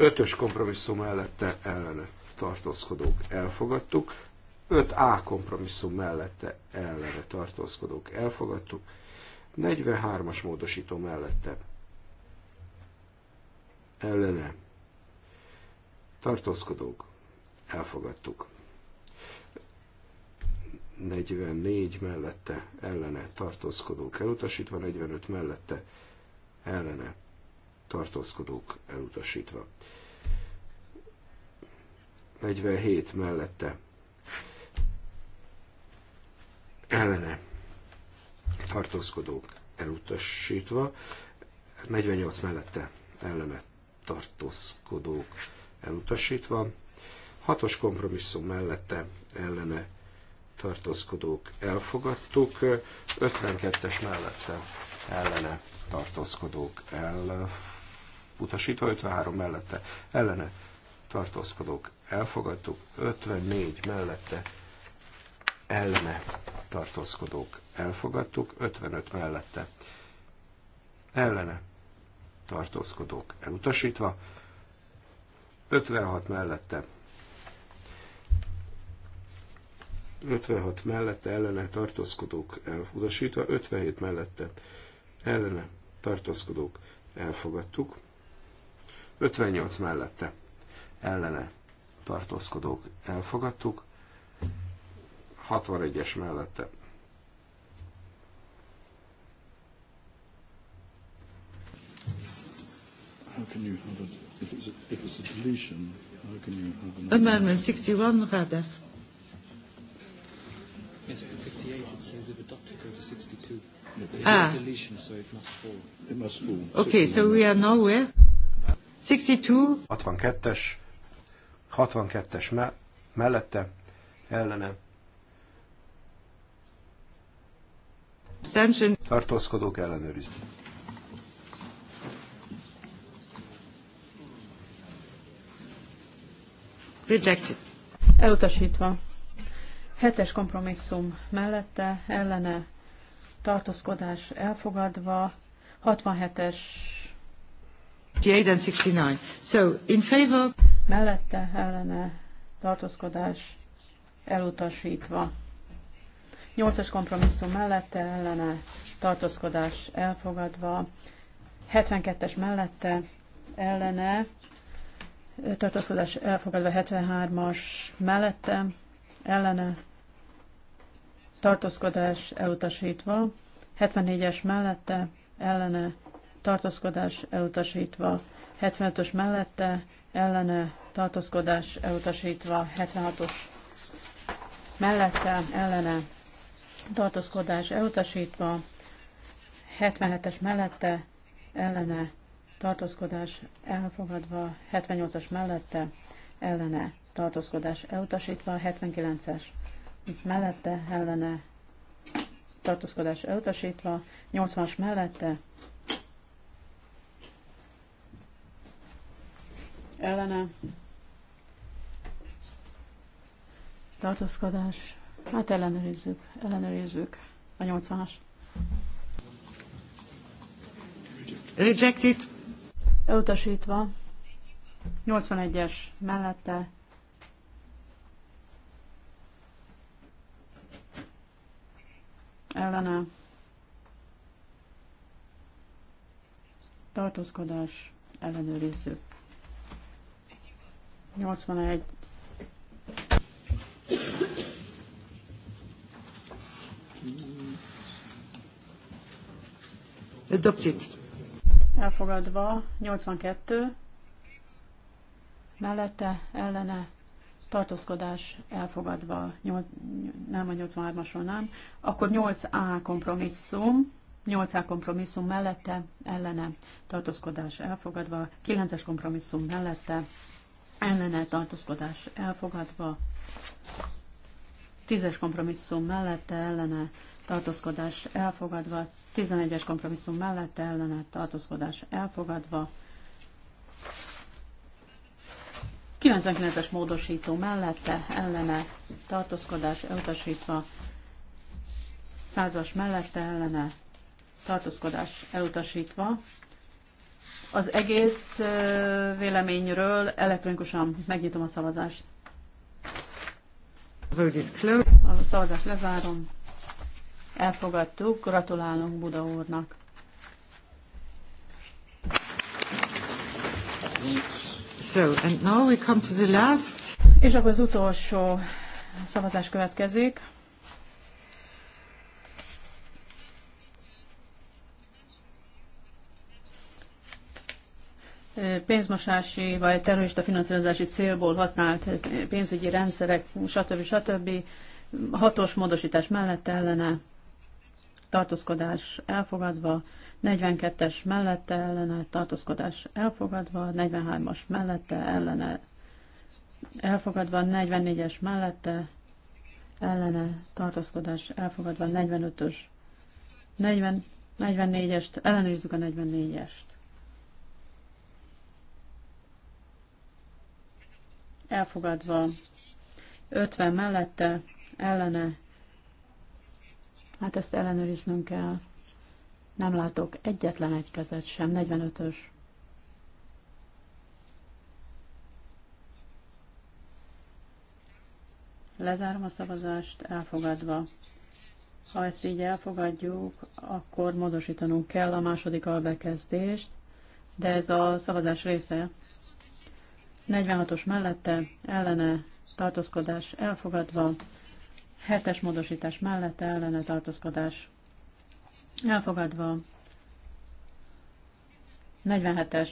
Ötös kompromisszum mellette ellene tartózkodók elfogadtuk. 5A kompromisszum mellette ellene tartózkodók elfogadtuk. 43-as módosító mellette ellene tartózkodók elfogadtuk. 44 mellette ellene tartózkodók elutasítva, 45 mellette ellene tartózkodók elutasítva. 47 mellette ellene tartózkodók elutasítva, 48 mellette ellene tartózkodók elutasítva, 6-os kompromisszum mellette ellene tartózkodók elfogadtuk, 52-es mellette ellene tartózkodók elfogadtuk, utasítva, 53 mellette ellene tartózkodók elfogadtuk, 54 mellette ellene tartózkodók elfogadtuk, 55 mellette ellene tartózkodók elutasítva, 56 mellette 56 mellette ellene tartózkodók elutasítva, 57 mellette ellene tartózkodók elfogadtuk, 58 mellette ellene tartózkodók elfogadtuk, 61-es mellette Amendment 61, Radev. Yes, 58 it says if adopted, go to 62. Yeah, ah. a deletion, so it must fall. It must fall. Okay, so we are nowhere. 62. es 62-es me mellette, ellene. Abstention. Tartózkodók ellenőrizni. Rejected. Elutasítva. Hetes kompromisszum mellette, ellene, tartózkodás elfogadva, 67-es 68 69. So, in favor... Mellette ellene tartózkodás elutasítva. Nyolcas kompromisszum mellette ellene tartózkodás elfogadva. 72-es mellette ellene tartózkodás elfogadva. 73-as mellette ellene tartózkodás elutasítva. 74-es mellette ellene tartózkodás elutasítva, 75-ös mellette ellene tartózkodás elutasítva, 76-os mellette ellene tartózkodás elutasítva, 77-es mellette ellene tartózkodás elfogadva, 78-as mellette ellene tartózkodás elutasítva, 79-es mellette ellene tartózkodás elutasítva, 80-as mellette ellene tartózkodás. Hát ellenőrizzük, ellenőrizzük a 80-as. Rejected. Elutasítva. 81-es mellette ellene tartózkodás ellenőrizzük. 81. Adopted. Elfogadva 82. Mellette ellene tartózkodás elfogadva, nem a 83-asról nem, akkor 8A kompromisszum, 8A kompromisszum mellette, ellene, tartózkodás elfogadva, 9-es kompromisszum mellette, ellene tartózkodás elfogadva, tízes kompromisszum mellette ellene tartózkodás elfogadva, tizenegyes kompromisszum mellette ellene tartózkodás elfogadva, 99-es módosító mellette ellene tartózkodás elutasítva, 100-as mellette ellene tartózkodás elutasítva, az egész véleményről elektronikusan megnyitom a szavazást. A szavazást lezárom. Elfogadtuk. Gratulálunk Buda úrnak. So, and now we come to the last. És akkor az utolsó szavazás következik. pénzmosási vagy terrorista finanszírozási célból használt pénzügyi rendszerek, stb. stb. Hatos módosítás mellett ellene tartózkodás elfogadva, 42-es mellette ellene tartózkodás elfogadva, 43-as mellette ellene elfogadva, 44-es mellette ellene tartózkodás elfogadva, 45-ös, 44-est, ellenőrizzük a 44-est. elfogadva 50 mellette, ellene, hát ezt ellenőriznünk kell. Nem látok egyetlen egy kezet sem, 45-ös. Lezárom a szavazást, elfogadva. Ha ezt így elfogadjuk, akkor módosítanunk kell a második albekezdést, de ez a szavazás része, 46-os mellette ellene tartózkodás elfogadva, 7-es módosítás mellette ellene tartózkodás elfogadva, 47-es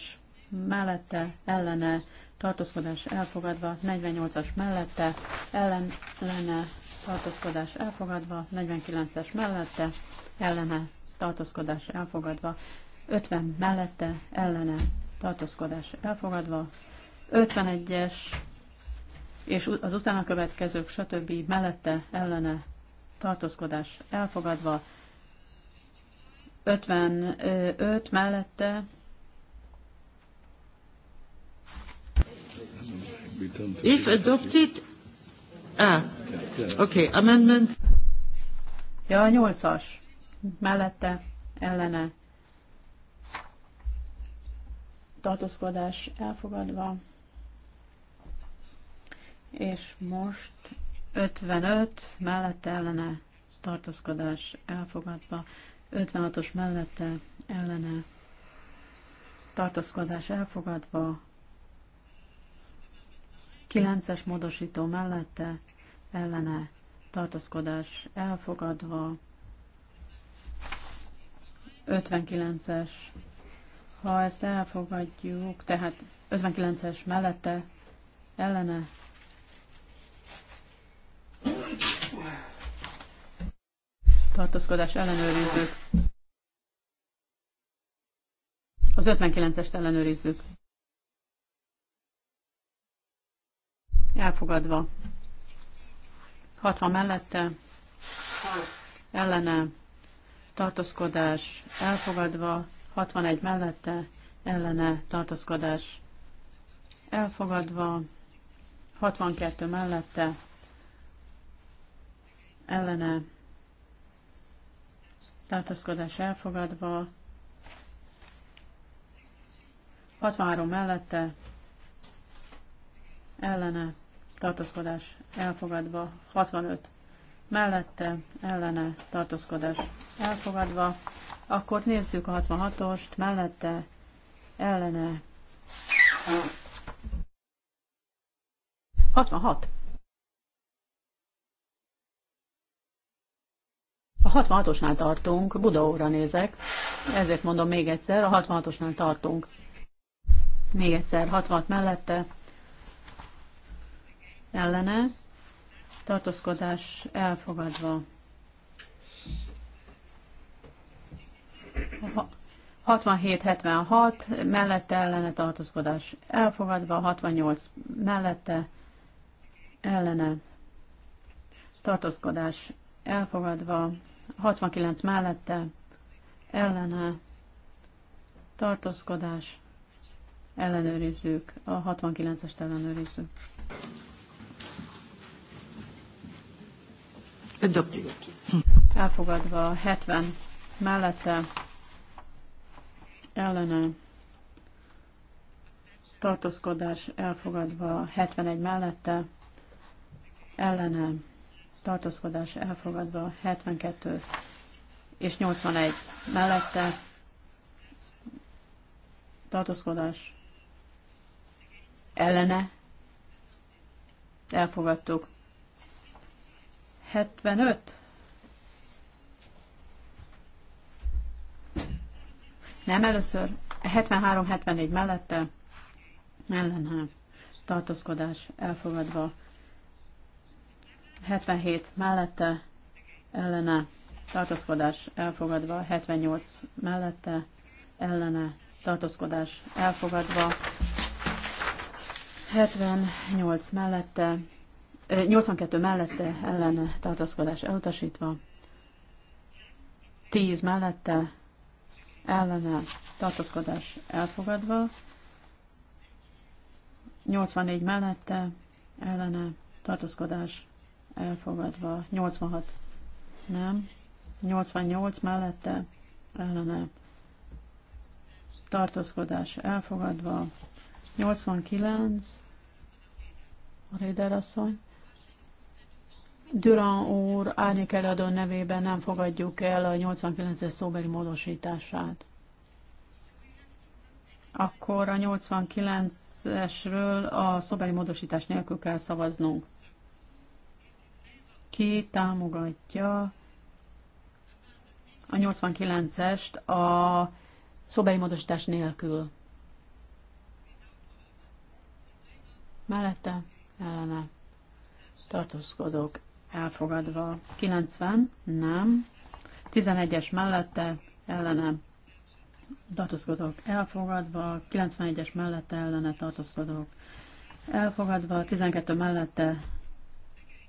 mellette ellene tartózkodás elfogadva, 48-as mellette ellene tartózkodás elfogadva, 49-es mellette ellene tartózkodás elfogadva, 50 mellette ellene tartózkodás elfogadva, 51-es és az utána következők, stb. mellette ellene tartózkodás elfogadva, 55 mellette If adopted, ah, okay, amendment. Ja, a nyolcas. Mellette, ellene. Tartózkodás elfogadva és most 55 mellette ellene tartózkodás elfogadva, 56-os mellette ellene tartózkodás elfogadva, 9-es módosító mellette ellene tartózkodás elfogadva, 59-es, ha ezt elfogadjuk, tehát 59-es mellette ellene tartózkodás ellenőrizzük. Az 59-est ellenőrizzük. Elfogadva. 60 mellette. Ellene. Tartózkodás. Elfogadva. 61 mellette. Ellene. Tartózkodás. Elfogadva. 62 mellette. Ellene tartózkodás elfogadva, 63 mellette, ellene, tartózkodás elfogadva, 65 mellette, ellene, tartózkodás elfogadva, akkor nézzük a 66-ost, mellette, ellene, 66. A 66-osnál tartunk, Budaóra nézek, ezért mondom még egyszer, a 66-osnál tartunk. Még egyszer, 66 mellette, ellene, tartózkodás elfogadva. Ha 67-76, mellette ellene tartózkodás elfogadva, 68 mellette ellene tartózkodás elfogadva, 69 mellette ellene tartózkodás ellenőrizzük, a 69-est ellenőrizzük. Elfogadva a 70 mellette ellene tartózkodás elfogadva 71 mellette ellene tartózkodás elfogadva 72 és 81 mellette tartózkodás ellene elfogadtuk 75 nem először 73-74 mellette ellene tartózkodás elfogadva 77 mellette ellene tartózkodás elfogadva, 78 mellette ellene tartózkodás elfogadva, 78 mellette, 82 mellette ellene tartózkodás elutasítva, 10 mellette ellene tartózkodás elfogadva, 84 mellette ellene tartózkodás elfogadva, 86 nem, 88 mellette ellene tartózkodás elfogadva, 89 a Réder asszony. Duran úr árnyék eladó nevében nem fogadjuk el a 89-es szóbeli módosítását. Akkor a 89-esről a szóbeli módosítás nélkül kell szavaznunk ki támogatja a 89-est a szobai módosítás nélkül. Mellette ellene tartózkodok elfogadva. 90 nem. 11-es mellette ellene tartózkodok elfogadva. 91-es mellette ellene tartózkodok elfogadva. 12 mellette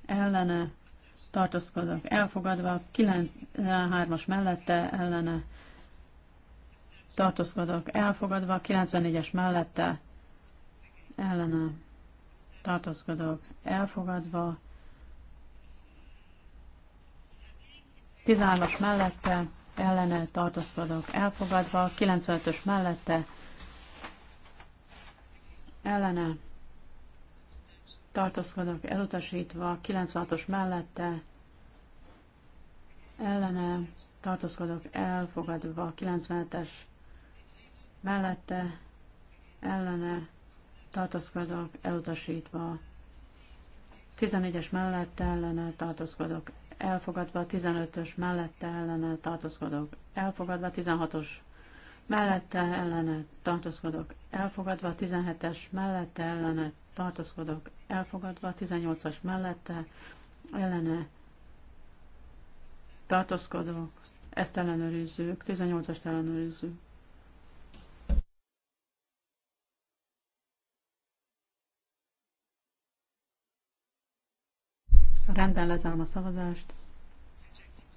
ellene tartózkodók elfogadva, 93-as mellette ellene tartózkodók elfogadva, 94-es mellette ellene tartózkodók elfogadva, 13-as mellette ellene tartózkodók elfogadva, 95-ös mellette ellene tartózkodok elutasítva, 96-os mellette, ellene, tartózkodok elfogadva, 97-es mellette, ellene, tartózkodok elutasítva, 14-es mellette, ellene, tartózkodok elfogadva, 15-ös mellette, ellene, tartózkodok elfogadva, 16-os mellette ellene tartózkodok elfogadva, 17-es mellette ellene tartózkodok elfogadva, 18-as mellette ellene tartózkodok, ezt ellenőrizzük, 18-ast ellenőrizzük. Rendben lezárom a szavazást.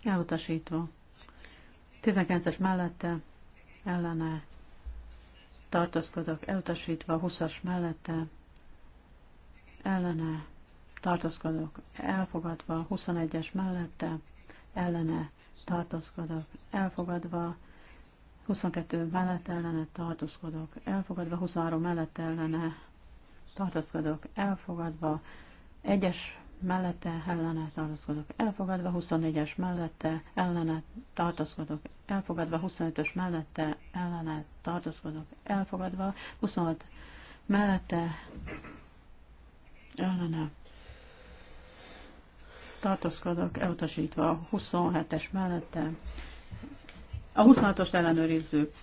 Elutasítva. 19-es mellette ellene tartozkodok, elutasítva, 20 mellette ellene tartozkodok, elfogadva, 21-es mellette ellene tartozkodok, elfogadva, 22 mellett ellene tartozkodok, elfogadva, 23 mellett ellene tartozkodok, elfogadva, egyes mellette ellene tartózkodok elfogadva, 24-es mellette ellene tartózkodok elfogadva, 25-ös mellette ellene tartózkodok elfogadva, 26 mellette ellene tartózkodok elutasítva, a 27-es mellette a 26-ost ellenőrizzük.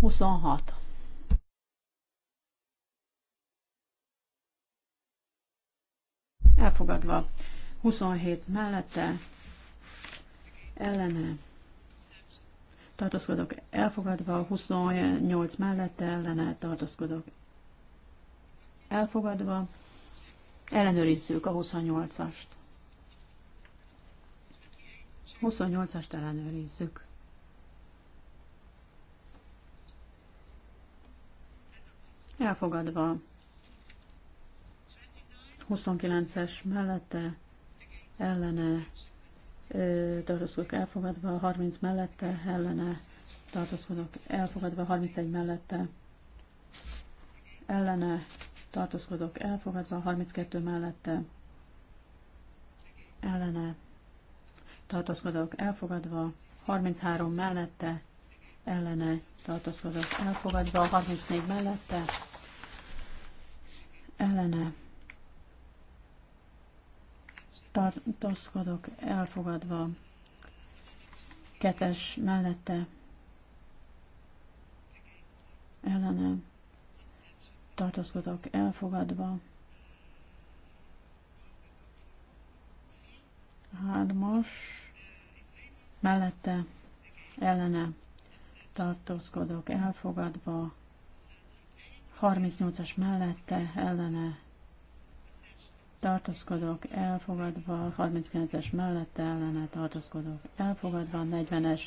26. elfogadva. 27 mellette ellene tartózkodok elfogadva, 28 mellette ellene tartózkodok elfogadva. Ellenőrizzük a 28-ast. 28-ast ellenőrizzük. Elfogadva. 29-es mellette ellene tartózkodók elfogadva, 30 mellette ellene tartózkodók elfogadva, 31 mellette ellene tartózkodók elfogadva, 32 mellette ellene tartózkodók elfogadva, 33 mellette ellene tartózkodók elfogadva, 34 mellette ellene tartózkodok elfogadva, kettes mellette ellene tartózkodok elfogadva, hármas mellette ellene tartózkodok elfogadva, 38-as mellette ellene tartózkodok, elfogadva, 39-es mellette ellene tartózkodok, elfogadva, 40-es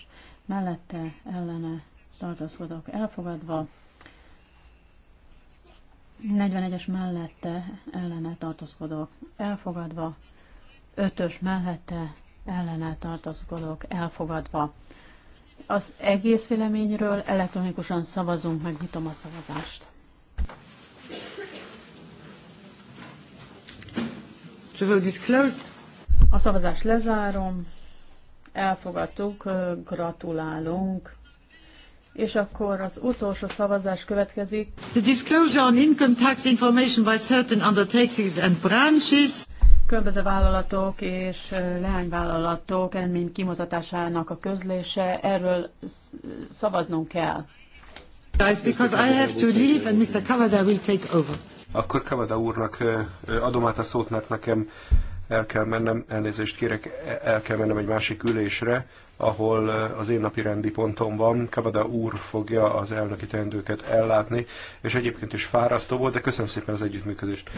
mellette ellene tartózkodok, elfogadva, 41-es mellette ellene tartózkodok, elfogadva, 5-ös mellette ellene tartózkodok, elfogadva. Az egész véleményről elektronikusan szavazunk, megnyitom a szavazást. A szavazást lezárom, elfogadtuk, gratulálunk. És akkor az utolsó szavazás következik. The disclosure on income tax information by certain undertakings and branches. Különböző vállalatok és leányvállalatok elmény kimutatásának a közlése, erről szavaznunk kell. Guys, because I have to leave and Mr. Kavada will take over. Akkor Kavada úrnak adom át a szót, mert nekem el kell mennem, elnézést kérek, e, el kell mennem egy másik ülésre, ahol az én napi rendi pontom van. Kavada úr fogja az elnöki teendőket ellátni, és egyébként is fárasztó volt, de köszönöm szépen az együttműködést.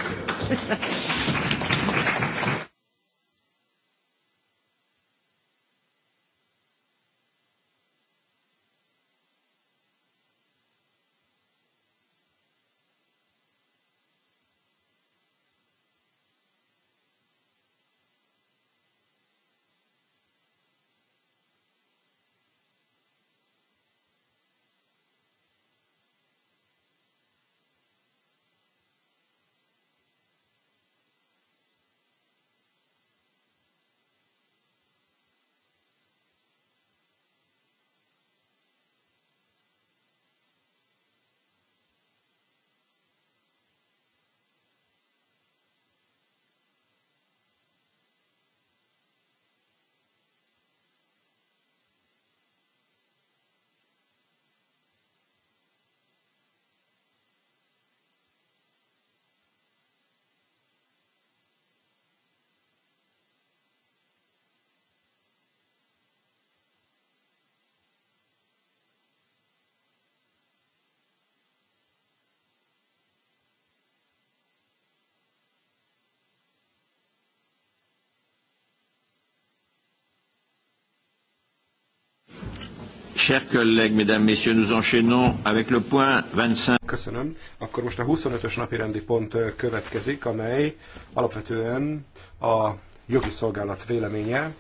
Chers collègues, mesdames, messieurs, nous enchaînons avec le point 25. Köszönöm. Akkor most a 25-ös napi rendi pont következik, amely alapvetően a jogi szolgálat véleménye.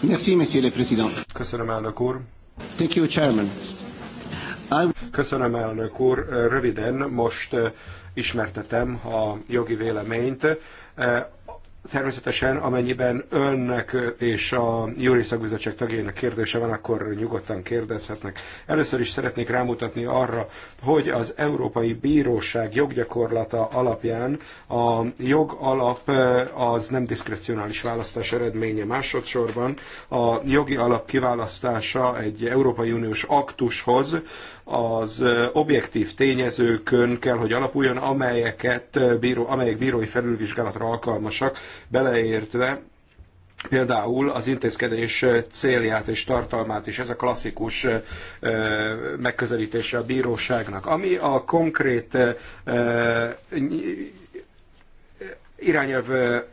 Merci, monsieur le président. Köszönöm, elnök úr. Thank you, chairman. Köszönöm, elnök úr. Röviden most ismertetem a jogi véleményt Természetesen, amennyiben önnek és a Júri Szakbizottság tagjainak kérdése van, akkor nyugodtan kérdezhetnek. Először is szeretnék rámutatni arra, hogy az Európai Bíróság joggyakorlata alapján a jogalap eh, az nem diszkrecionális választás eredménye másodszorban. A jogi alap kiválasztása egy Európai Uniós aktushoz, az objektív tényezőkön kell, hogy alapuljon, amelyeket bíró, amelyek bírói felülvizsgálatra alkalmasak, beleértve például az intézkedés célját és tartalmát is, ez a klasszikus megközelítése a bíróságnak. Ami a konkrét irányelv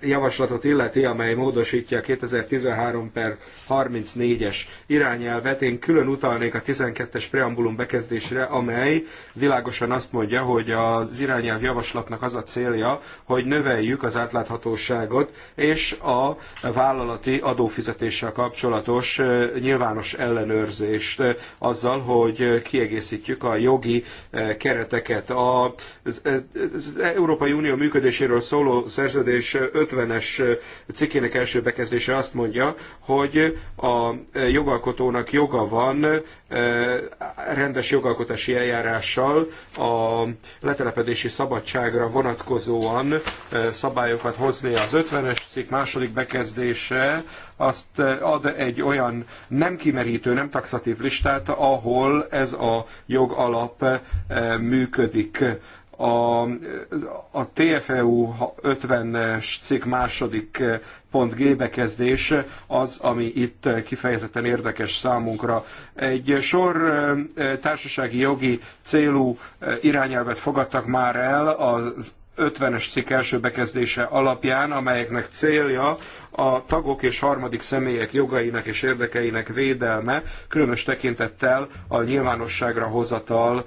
javaslatot illeti, amely módosítja a 2013 per 34-es irányelvet, én külön utalnék a 12-es preambulum bekezdésre, amely világosan azt mondja, hogy az irányelv javaslatnak az a célja, hogy növeljük az átláthatóságot és a vállalati adófizetéssel kapcsolatos nyilvános ellenőrzést azzal, hogy kiegészítjük a jogi kereteket. Az Európai Unió működéséről szóló szerződés 50-es cikkének első bekezdése azt mondja, hogy a jogalkotónak joga van e, rendes jogalkotási eljárással a letelepedési szabadságra vonatkozóan e, szabályokat hozni. Az 50-es cikk második bekezdése azt e, ad egy olyan nem kimerítő, nem taxatív listát, ahol ez a jogalap működik. A, a TFEU 50-es cikk második pont G bekezdés az, ami itt kifejezetten érdekes számunkra. Egy sor társasági jogi célú irányelvet fogadtak már el az 50-es cikk első bekezdése alapján, amelyeknek célja a tagok és harmadik személyek jogainak és érdekeinek védelme, különös tekintettel a nyilvánosságra hozatal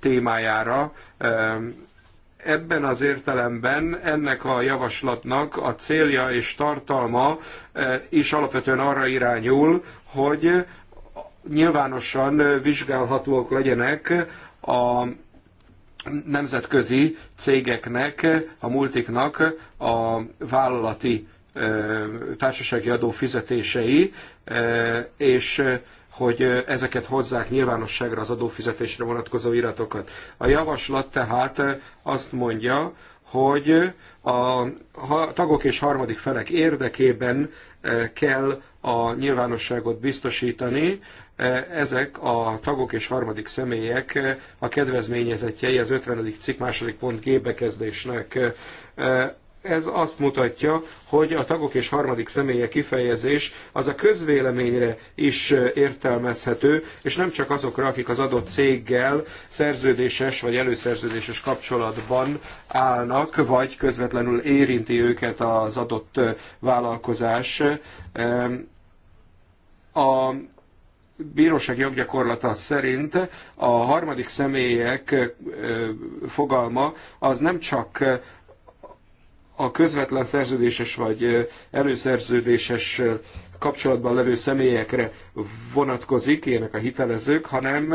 témájára. Ebben az értelemben ennek a javaslatnak a célja és tartalma is alapvetően arra irányul, hogy nyilvánosan vizsgálhatóak legyenek a nemzetközi cégeknek, a multiknak a vállalati társasági adó fizetései, és hogy ezeket hozzák nyilvánosságra az adófizetésre vonatkozó iratokat. A javaslat tehát azt mondja, hogy a tagok és harmadik felek érdekében kell a nyilvánosságot biztosítani, ezek a tagok és harmadik személyek a kedvezményezettjei az 50. cikk második pont gépbekezdésnek. Ez azt mutatja, hogy a tagok és harmadik személye kifejezés az a közvéleményre is értelmezhető, és nem csak azokra, akik az adott céggel szerződéses vagy előszerződéses kapcsolatban állnak, vagy közvetlenül érinti őket az adott vállalkozás. A bírósági joggyakorlata szerint a harmadik személyek fogalma az nem csak a közvetlen szerződéses vagy előszerződéses kapcsolatban levő személyekre vonatkozik, ilyenek a hitelezők, hanem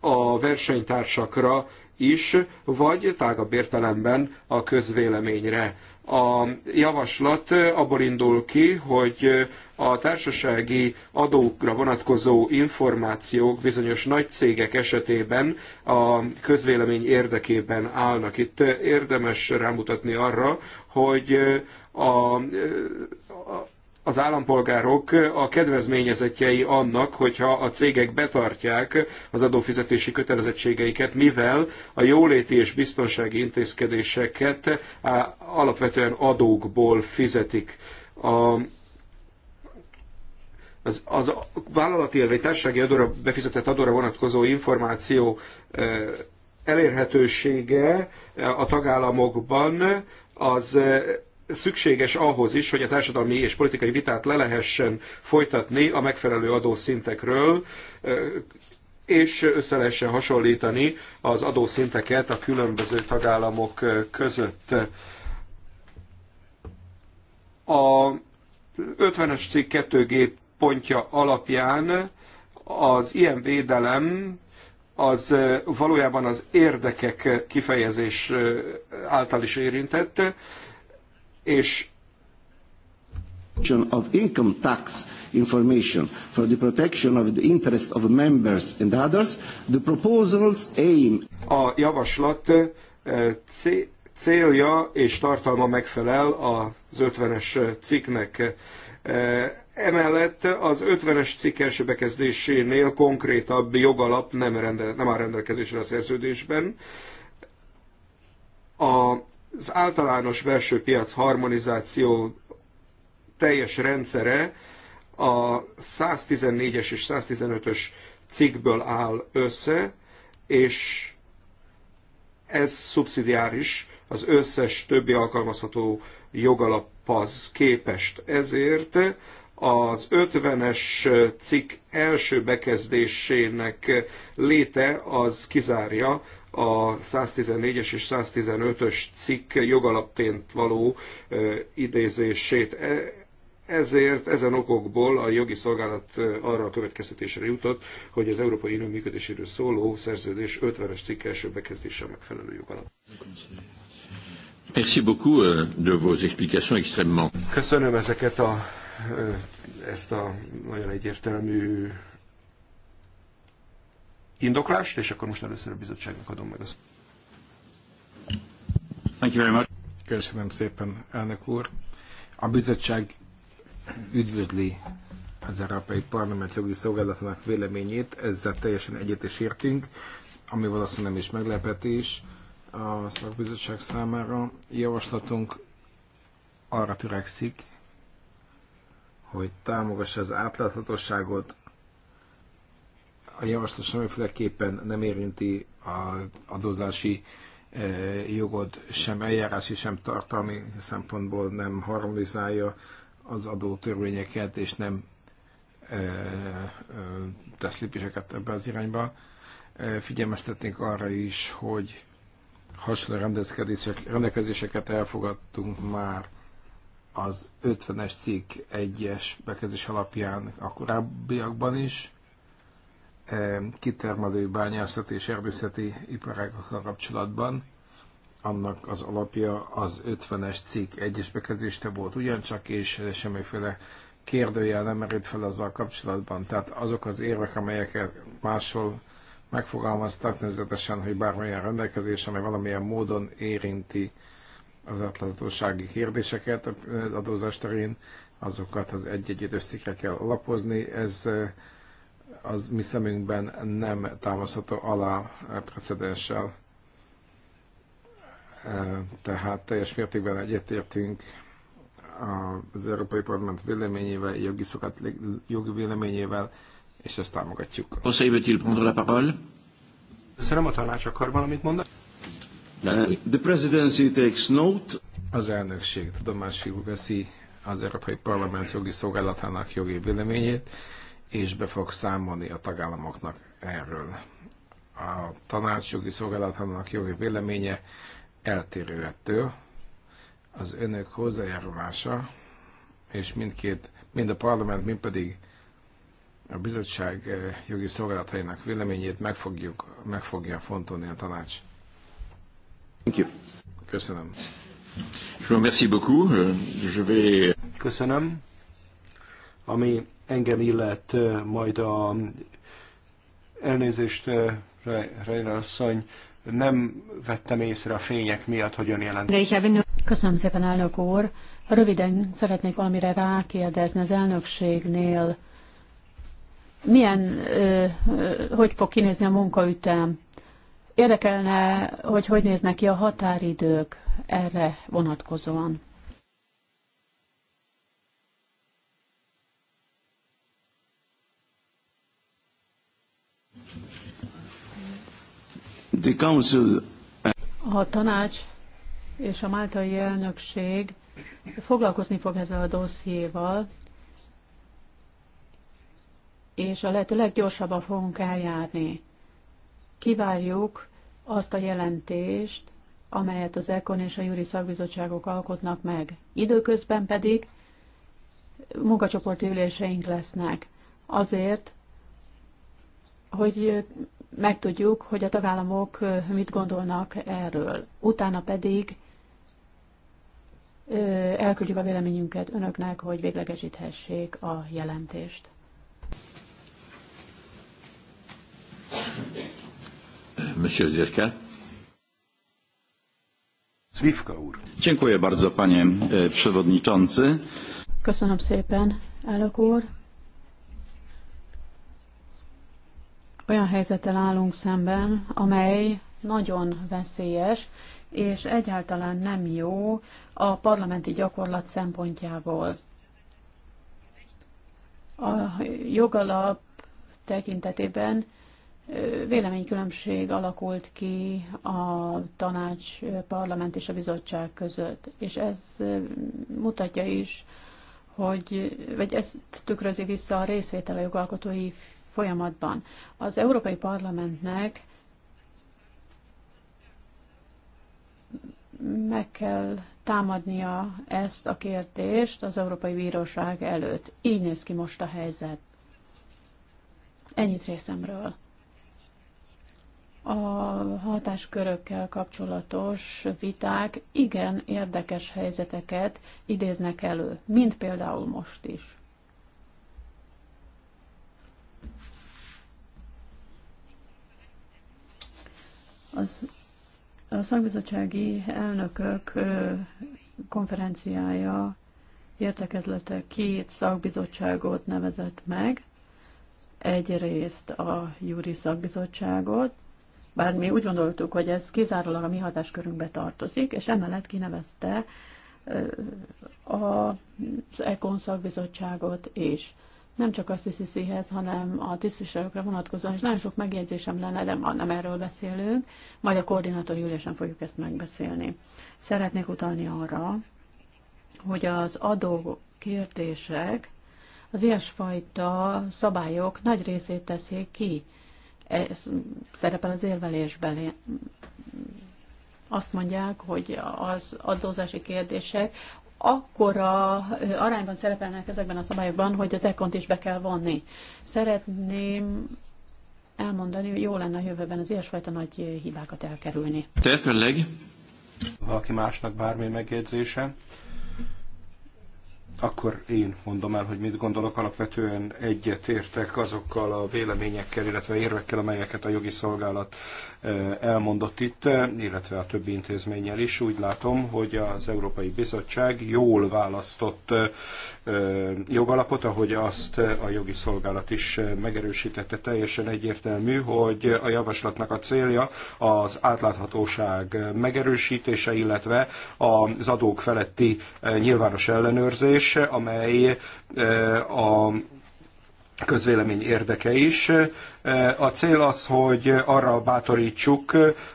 a versenytársakra is, vagy tágabb értelemben a közvéleményre. A javaslat abból indul ki, hogy a társasági adókra vonatkozó információk bizonyos nagy cégek esetében a közvélemény érdekében állnak. Itt érdemes rámutatni arra, hogy a, a az állampolgárok a kedvezményezetjei annak, hogyha a cégek betartják az adófizetési kötelezettségeiket, mivel a jóléti és biztonsági intézkedéseket alapvetően adókból fizetik. A, az, az vállalati, vagy társasági adóra befizetett adóra vonatkozó információ elérhetősége a tagállamokban az szükséges ahhoz is, hogy a társadalmi és politikai vitát le lehessen folytatni a megfelelő adószintekről, és össze lehessen hasonlítani az adószinteket a különböző tagállamok között. A 50-es cikk 2G pontja alapján az ilyen védelem az valójában az érdekek kifejezés által is érintett, és of income tax information for the protection of the interest of members and others, the proposals aim. A javaslat eh, célja és tartalma megfelel az 50-es eh, cikknek. Eh, emellett az 50-es cikk első bekezdésénél konkrétabb jogalap nem, rendel, nem áll rendelkezésre a szerződésben. A az általános belső piac harmonizáció teljes rendszere a 114-es és 115-ös cikkből áll össze, és ez szubszidiáris az összes többi alkalmazható jogalaphoz képest. Ezért az 50-es cikk első bekezdésének léte az kizárja a 114-es és 115-ös cikk jogalapként való idézését. E, ezért ezen okokból a jogi szolgálat arra a következtetésre jutott, hogy az Európai Unió működéséről szóló szerződés 50-es cikk első bekezdése megfelelő jogalap. Merci beaucoup euh, de vos explications extrêmement. Köszönöm ezeket a, ezt a nagyon egyértelmű indoklást, és akkor most először a bizottságnak adom meg azt. Thank you very much. Köszönöm szépen, elnök úr. A bizottság üdvözli az Európai Parlament jogi szolgálatának véleményét, ezzel teljesen egyet is értünk, ami valószínűleg nem is meglepetés a szakbizottság számára. Javaslatunk arra törekszik, hogy támogassa az átláthatóságot, a javaslat semmiféleképpen nem érinti az adózási e, jogod sem eljárási, sem tartalmi szempontból nem harmonizálja az törvényeket, és nem e, e, tesz lépéseket ebbe az irányba. Figyelmeztetnénk arra is, hogy hasonló rendelkezéseket elfogadtunk már az 50-es cikk 1-es bekezdés alapján a korábbiakban is, kitermelő bányászat és erdészeti iparágakkal kapcsolatban. Annak az alapja az 50-es cikk egyes bekezdéste volt ugyancsak, és semmiféle kérdőjel nem merült fel azzal kapcsolatban. Tehát azok az érvek, amelyeket máshol megfogalmaztak, nevezetesen, hogy bármilyen rendelkezés, amely valamilyen módon érinti az átláthatósági kérdéseket az adózás terén, azokat az egy-egy cikre kell alapozni. Ez az mi szemünkben nem támaszható alá precedenssel. E, tehát teljes mértékben egyetértünk az Európai Parlament véleményével, jogi, szokat, jogi véleményével, és ezt támogatjuk. Köszönöm, a tanács akar valamit mondani? The presidency takes note. Az elnökség tudomásul veszi az Európai Parlament jogi szolgálatának jogi véleményét, és be fog számolni a tagállamoknak erről. A tanácsjogi szolgálatának jogi véleménye eltérő ettől. Az önök hozzájárulása, és mindkét, mind a parlament, mind pedig a bizottság eh, jogi szolgálatainak véleményét meg, fogjuk, meg fogja fontolni a tanács. Thank you. Köszönöm. Je vous remercie beaucoup. Euh, je vais... Köszönöm. Ami engem illet majd a elnézést, Reiner asszony, nem vettem észre a fények miatt, hogy ön jelent. Köszönöm szépen, elnök úr. Röviden szeretnék valamire rákérdezni az elnökségnél. Milyen, hogy fog kinézni a munkaütem? Érdekelne, hogy hogy néznek ki a határidők erre vonatkozóan. A tanács és a máltai elnökség foglalkozni fog ezzel a dossziéval, és a lehető leggyorsabban fogunk eljárni. Kivárjuk azt a jelentést, amelyet az ECON és a júri szakbizottságok alkotnak meg. Időközben pedig munkacsoporti üléseink lesznek. Azért, hogy megtudjuk, hogy a tagállamok mit gondolnak erről. Utána pedig elküldjük a véleményünket önöknek, hogy véglegesíthessék a jelentést. Monsieur Zirke. Zwifka úr. Dziękuję bardzo, panie e, przewodniczący. Köszönöm szépen, elnök úr. olyan helyzettel állunk szemben, amely nagyon veszélyes, és egyáltalán nem jó a parlamenti gyakorlat szempontjából. A jogalap tekintetében véleménykülönbség alakult ki a tanács, parlament és a bizottság között, és ez mutatja is, hogy, vagy ezt tükrözi vissza a részvétel a jogalkotói folyamatban. Az Európai Parlamentnek meg kell támadnia ezt a kérdést az Európai Bíróság előtt. Így néz ki most a helyzet. Ennyit részemről. A hatáskörökkel kapcsolatos viták igen érdekes helyzeteket idéznek elő, mint például most is. Az, a szakbizottsági elnökök konferenciája értekezlete két szakbizottságot nevezett meg, egyrészt a júri szakbizottságot, bár mi úgy gondoltuk, hogy ez kizárólag a mi hatáskörünkbe tartozik, és emellett kinevezte az ECON szakbizottságot is nem csak a CCC-hez, hanem a tisztviselőkre vonatkozóan, és nagyon sok megjegyzésem lenne, de ma nem erről beszélünk, majd a koordinátori ülésen fogjuk ezt megbeszélni. Szeretnék utalni arra, hogy az adó kérdések, az ilyesfajta szabályok nagy részét teszik ki. Ez szerepel az érvelésben. Azt mondják, hogy az adózási kérdések akkora arányban szerepelnek ezekben a szabályokban, hogy az ekont is be kell vonni. Szeretném elmondani, hogy jó lenne a jövőben az ilyesfajta nagy hibákat elkerülni. Térkönleg. Valaki másnak bármi megjegyzése? Akkor én mondom el, hogy mit gondolok. Alapvetően egyetértek azokkal a véleményekkel, illetve érvekkel, amelyeket a jogi szolgálat Eh, elmondott itt, eh, illetve a többi intézménnyel is. Úgy látom, hogy az Európai Bizottság jól választott eh, jogalapot, ahogy azt a jogi szolgálat is megerősítette, teljesen egyértelmű, hogy a javaslatnak a célja az átláthatóság megerősítése, illetve az adók feletti nyilvános ellenőrzés, amely a közvélemény érdeke is. A cél az, hogy arra bátorítsuk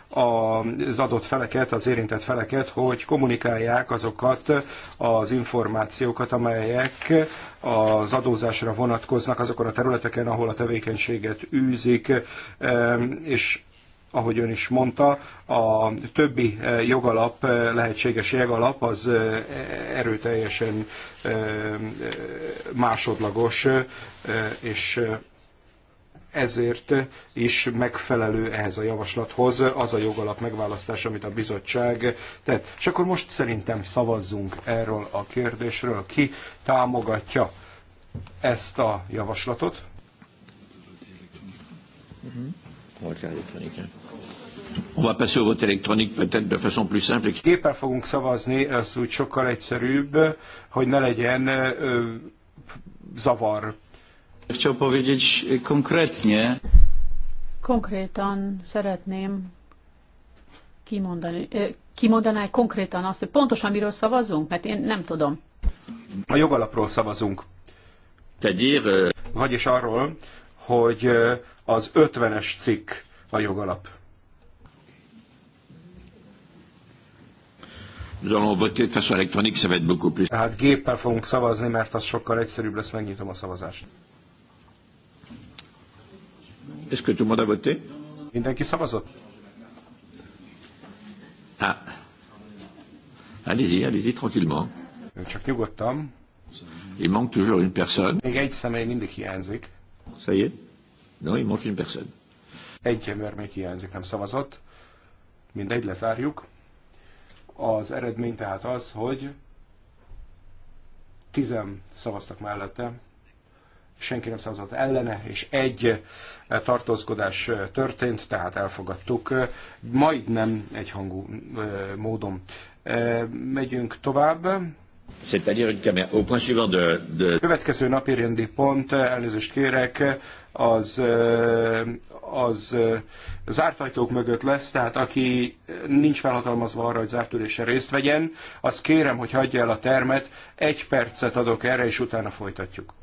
az adott feleket, az érintett feleket, hogy kommunikálják azokat az információkat, amelyek az adózásra vonatkoznak azokon a területeken, ahol a tevékenységet űzik, ehm, és ahogy ön is mondta, a többi eh, jogalap, eh, lehetséges jogalap az eh, erőteljesen másodlagos, és ezért is megfelelő ehhez a javaslathoz az a jogalap megválasztás, amit a bizottság tett. És akkor most szerintem szavazzunk erről a kérdésről. Ki támogatja ezt a javaslatot? Uh-huh. On va passer au vote électronique peut-être de façon plus simple. fogunk szavazni, az úgy sokkal egyszerűbb, hogy ne legyen ö, zavar. Chciał powiedzieć konkretnie. Konkrétan szeretném kimondani, kimondaná konkrétan azt, hogy pontosan miről szavazunk, mert én nem tudom. A jogalapról szavazunk. Tegyér. Vagyis arról, hogy az 50-es cikk a jogalap. Nous allons voter de façon électronique, ça va être beaucoup plus. Tehát géppel fogunk szavazni, mert az sokkal egyszerűbb lesz, megnyitom a szavazást. Est-ce que tout le monde a voté? Mindenki szavazott? Ah. Allez-y, allez-y tranquillement. Csak nyugodtam. Il manque toujours une personne. Még egy személy mindig hiányzik. Ça y est? Non, il manque une personne. Egy ember még hiányzik, nem szavazott. Mindegy, lezárjuk. Az eredmény tehát az, hogy tizen szavaztak mellette, senki nem szavazott ellene, és egy eh, tartózkodás eh, történt, tehát elfogadtuk, eh, majdnem egyhangú módon. Megyünk tovább. Következő napi rendi pont, elnézést kérek, az, az zárt ajtók mögött lesz, tehát aki nincs felhatalmazva arra, hogy zárt részt vegyen, az kérem, hogy hagyja el a termet, egy percet adok erre, és utána folytatjuk.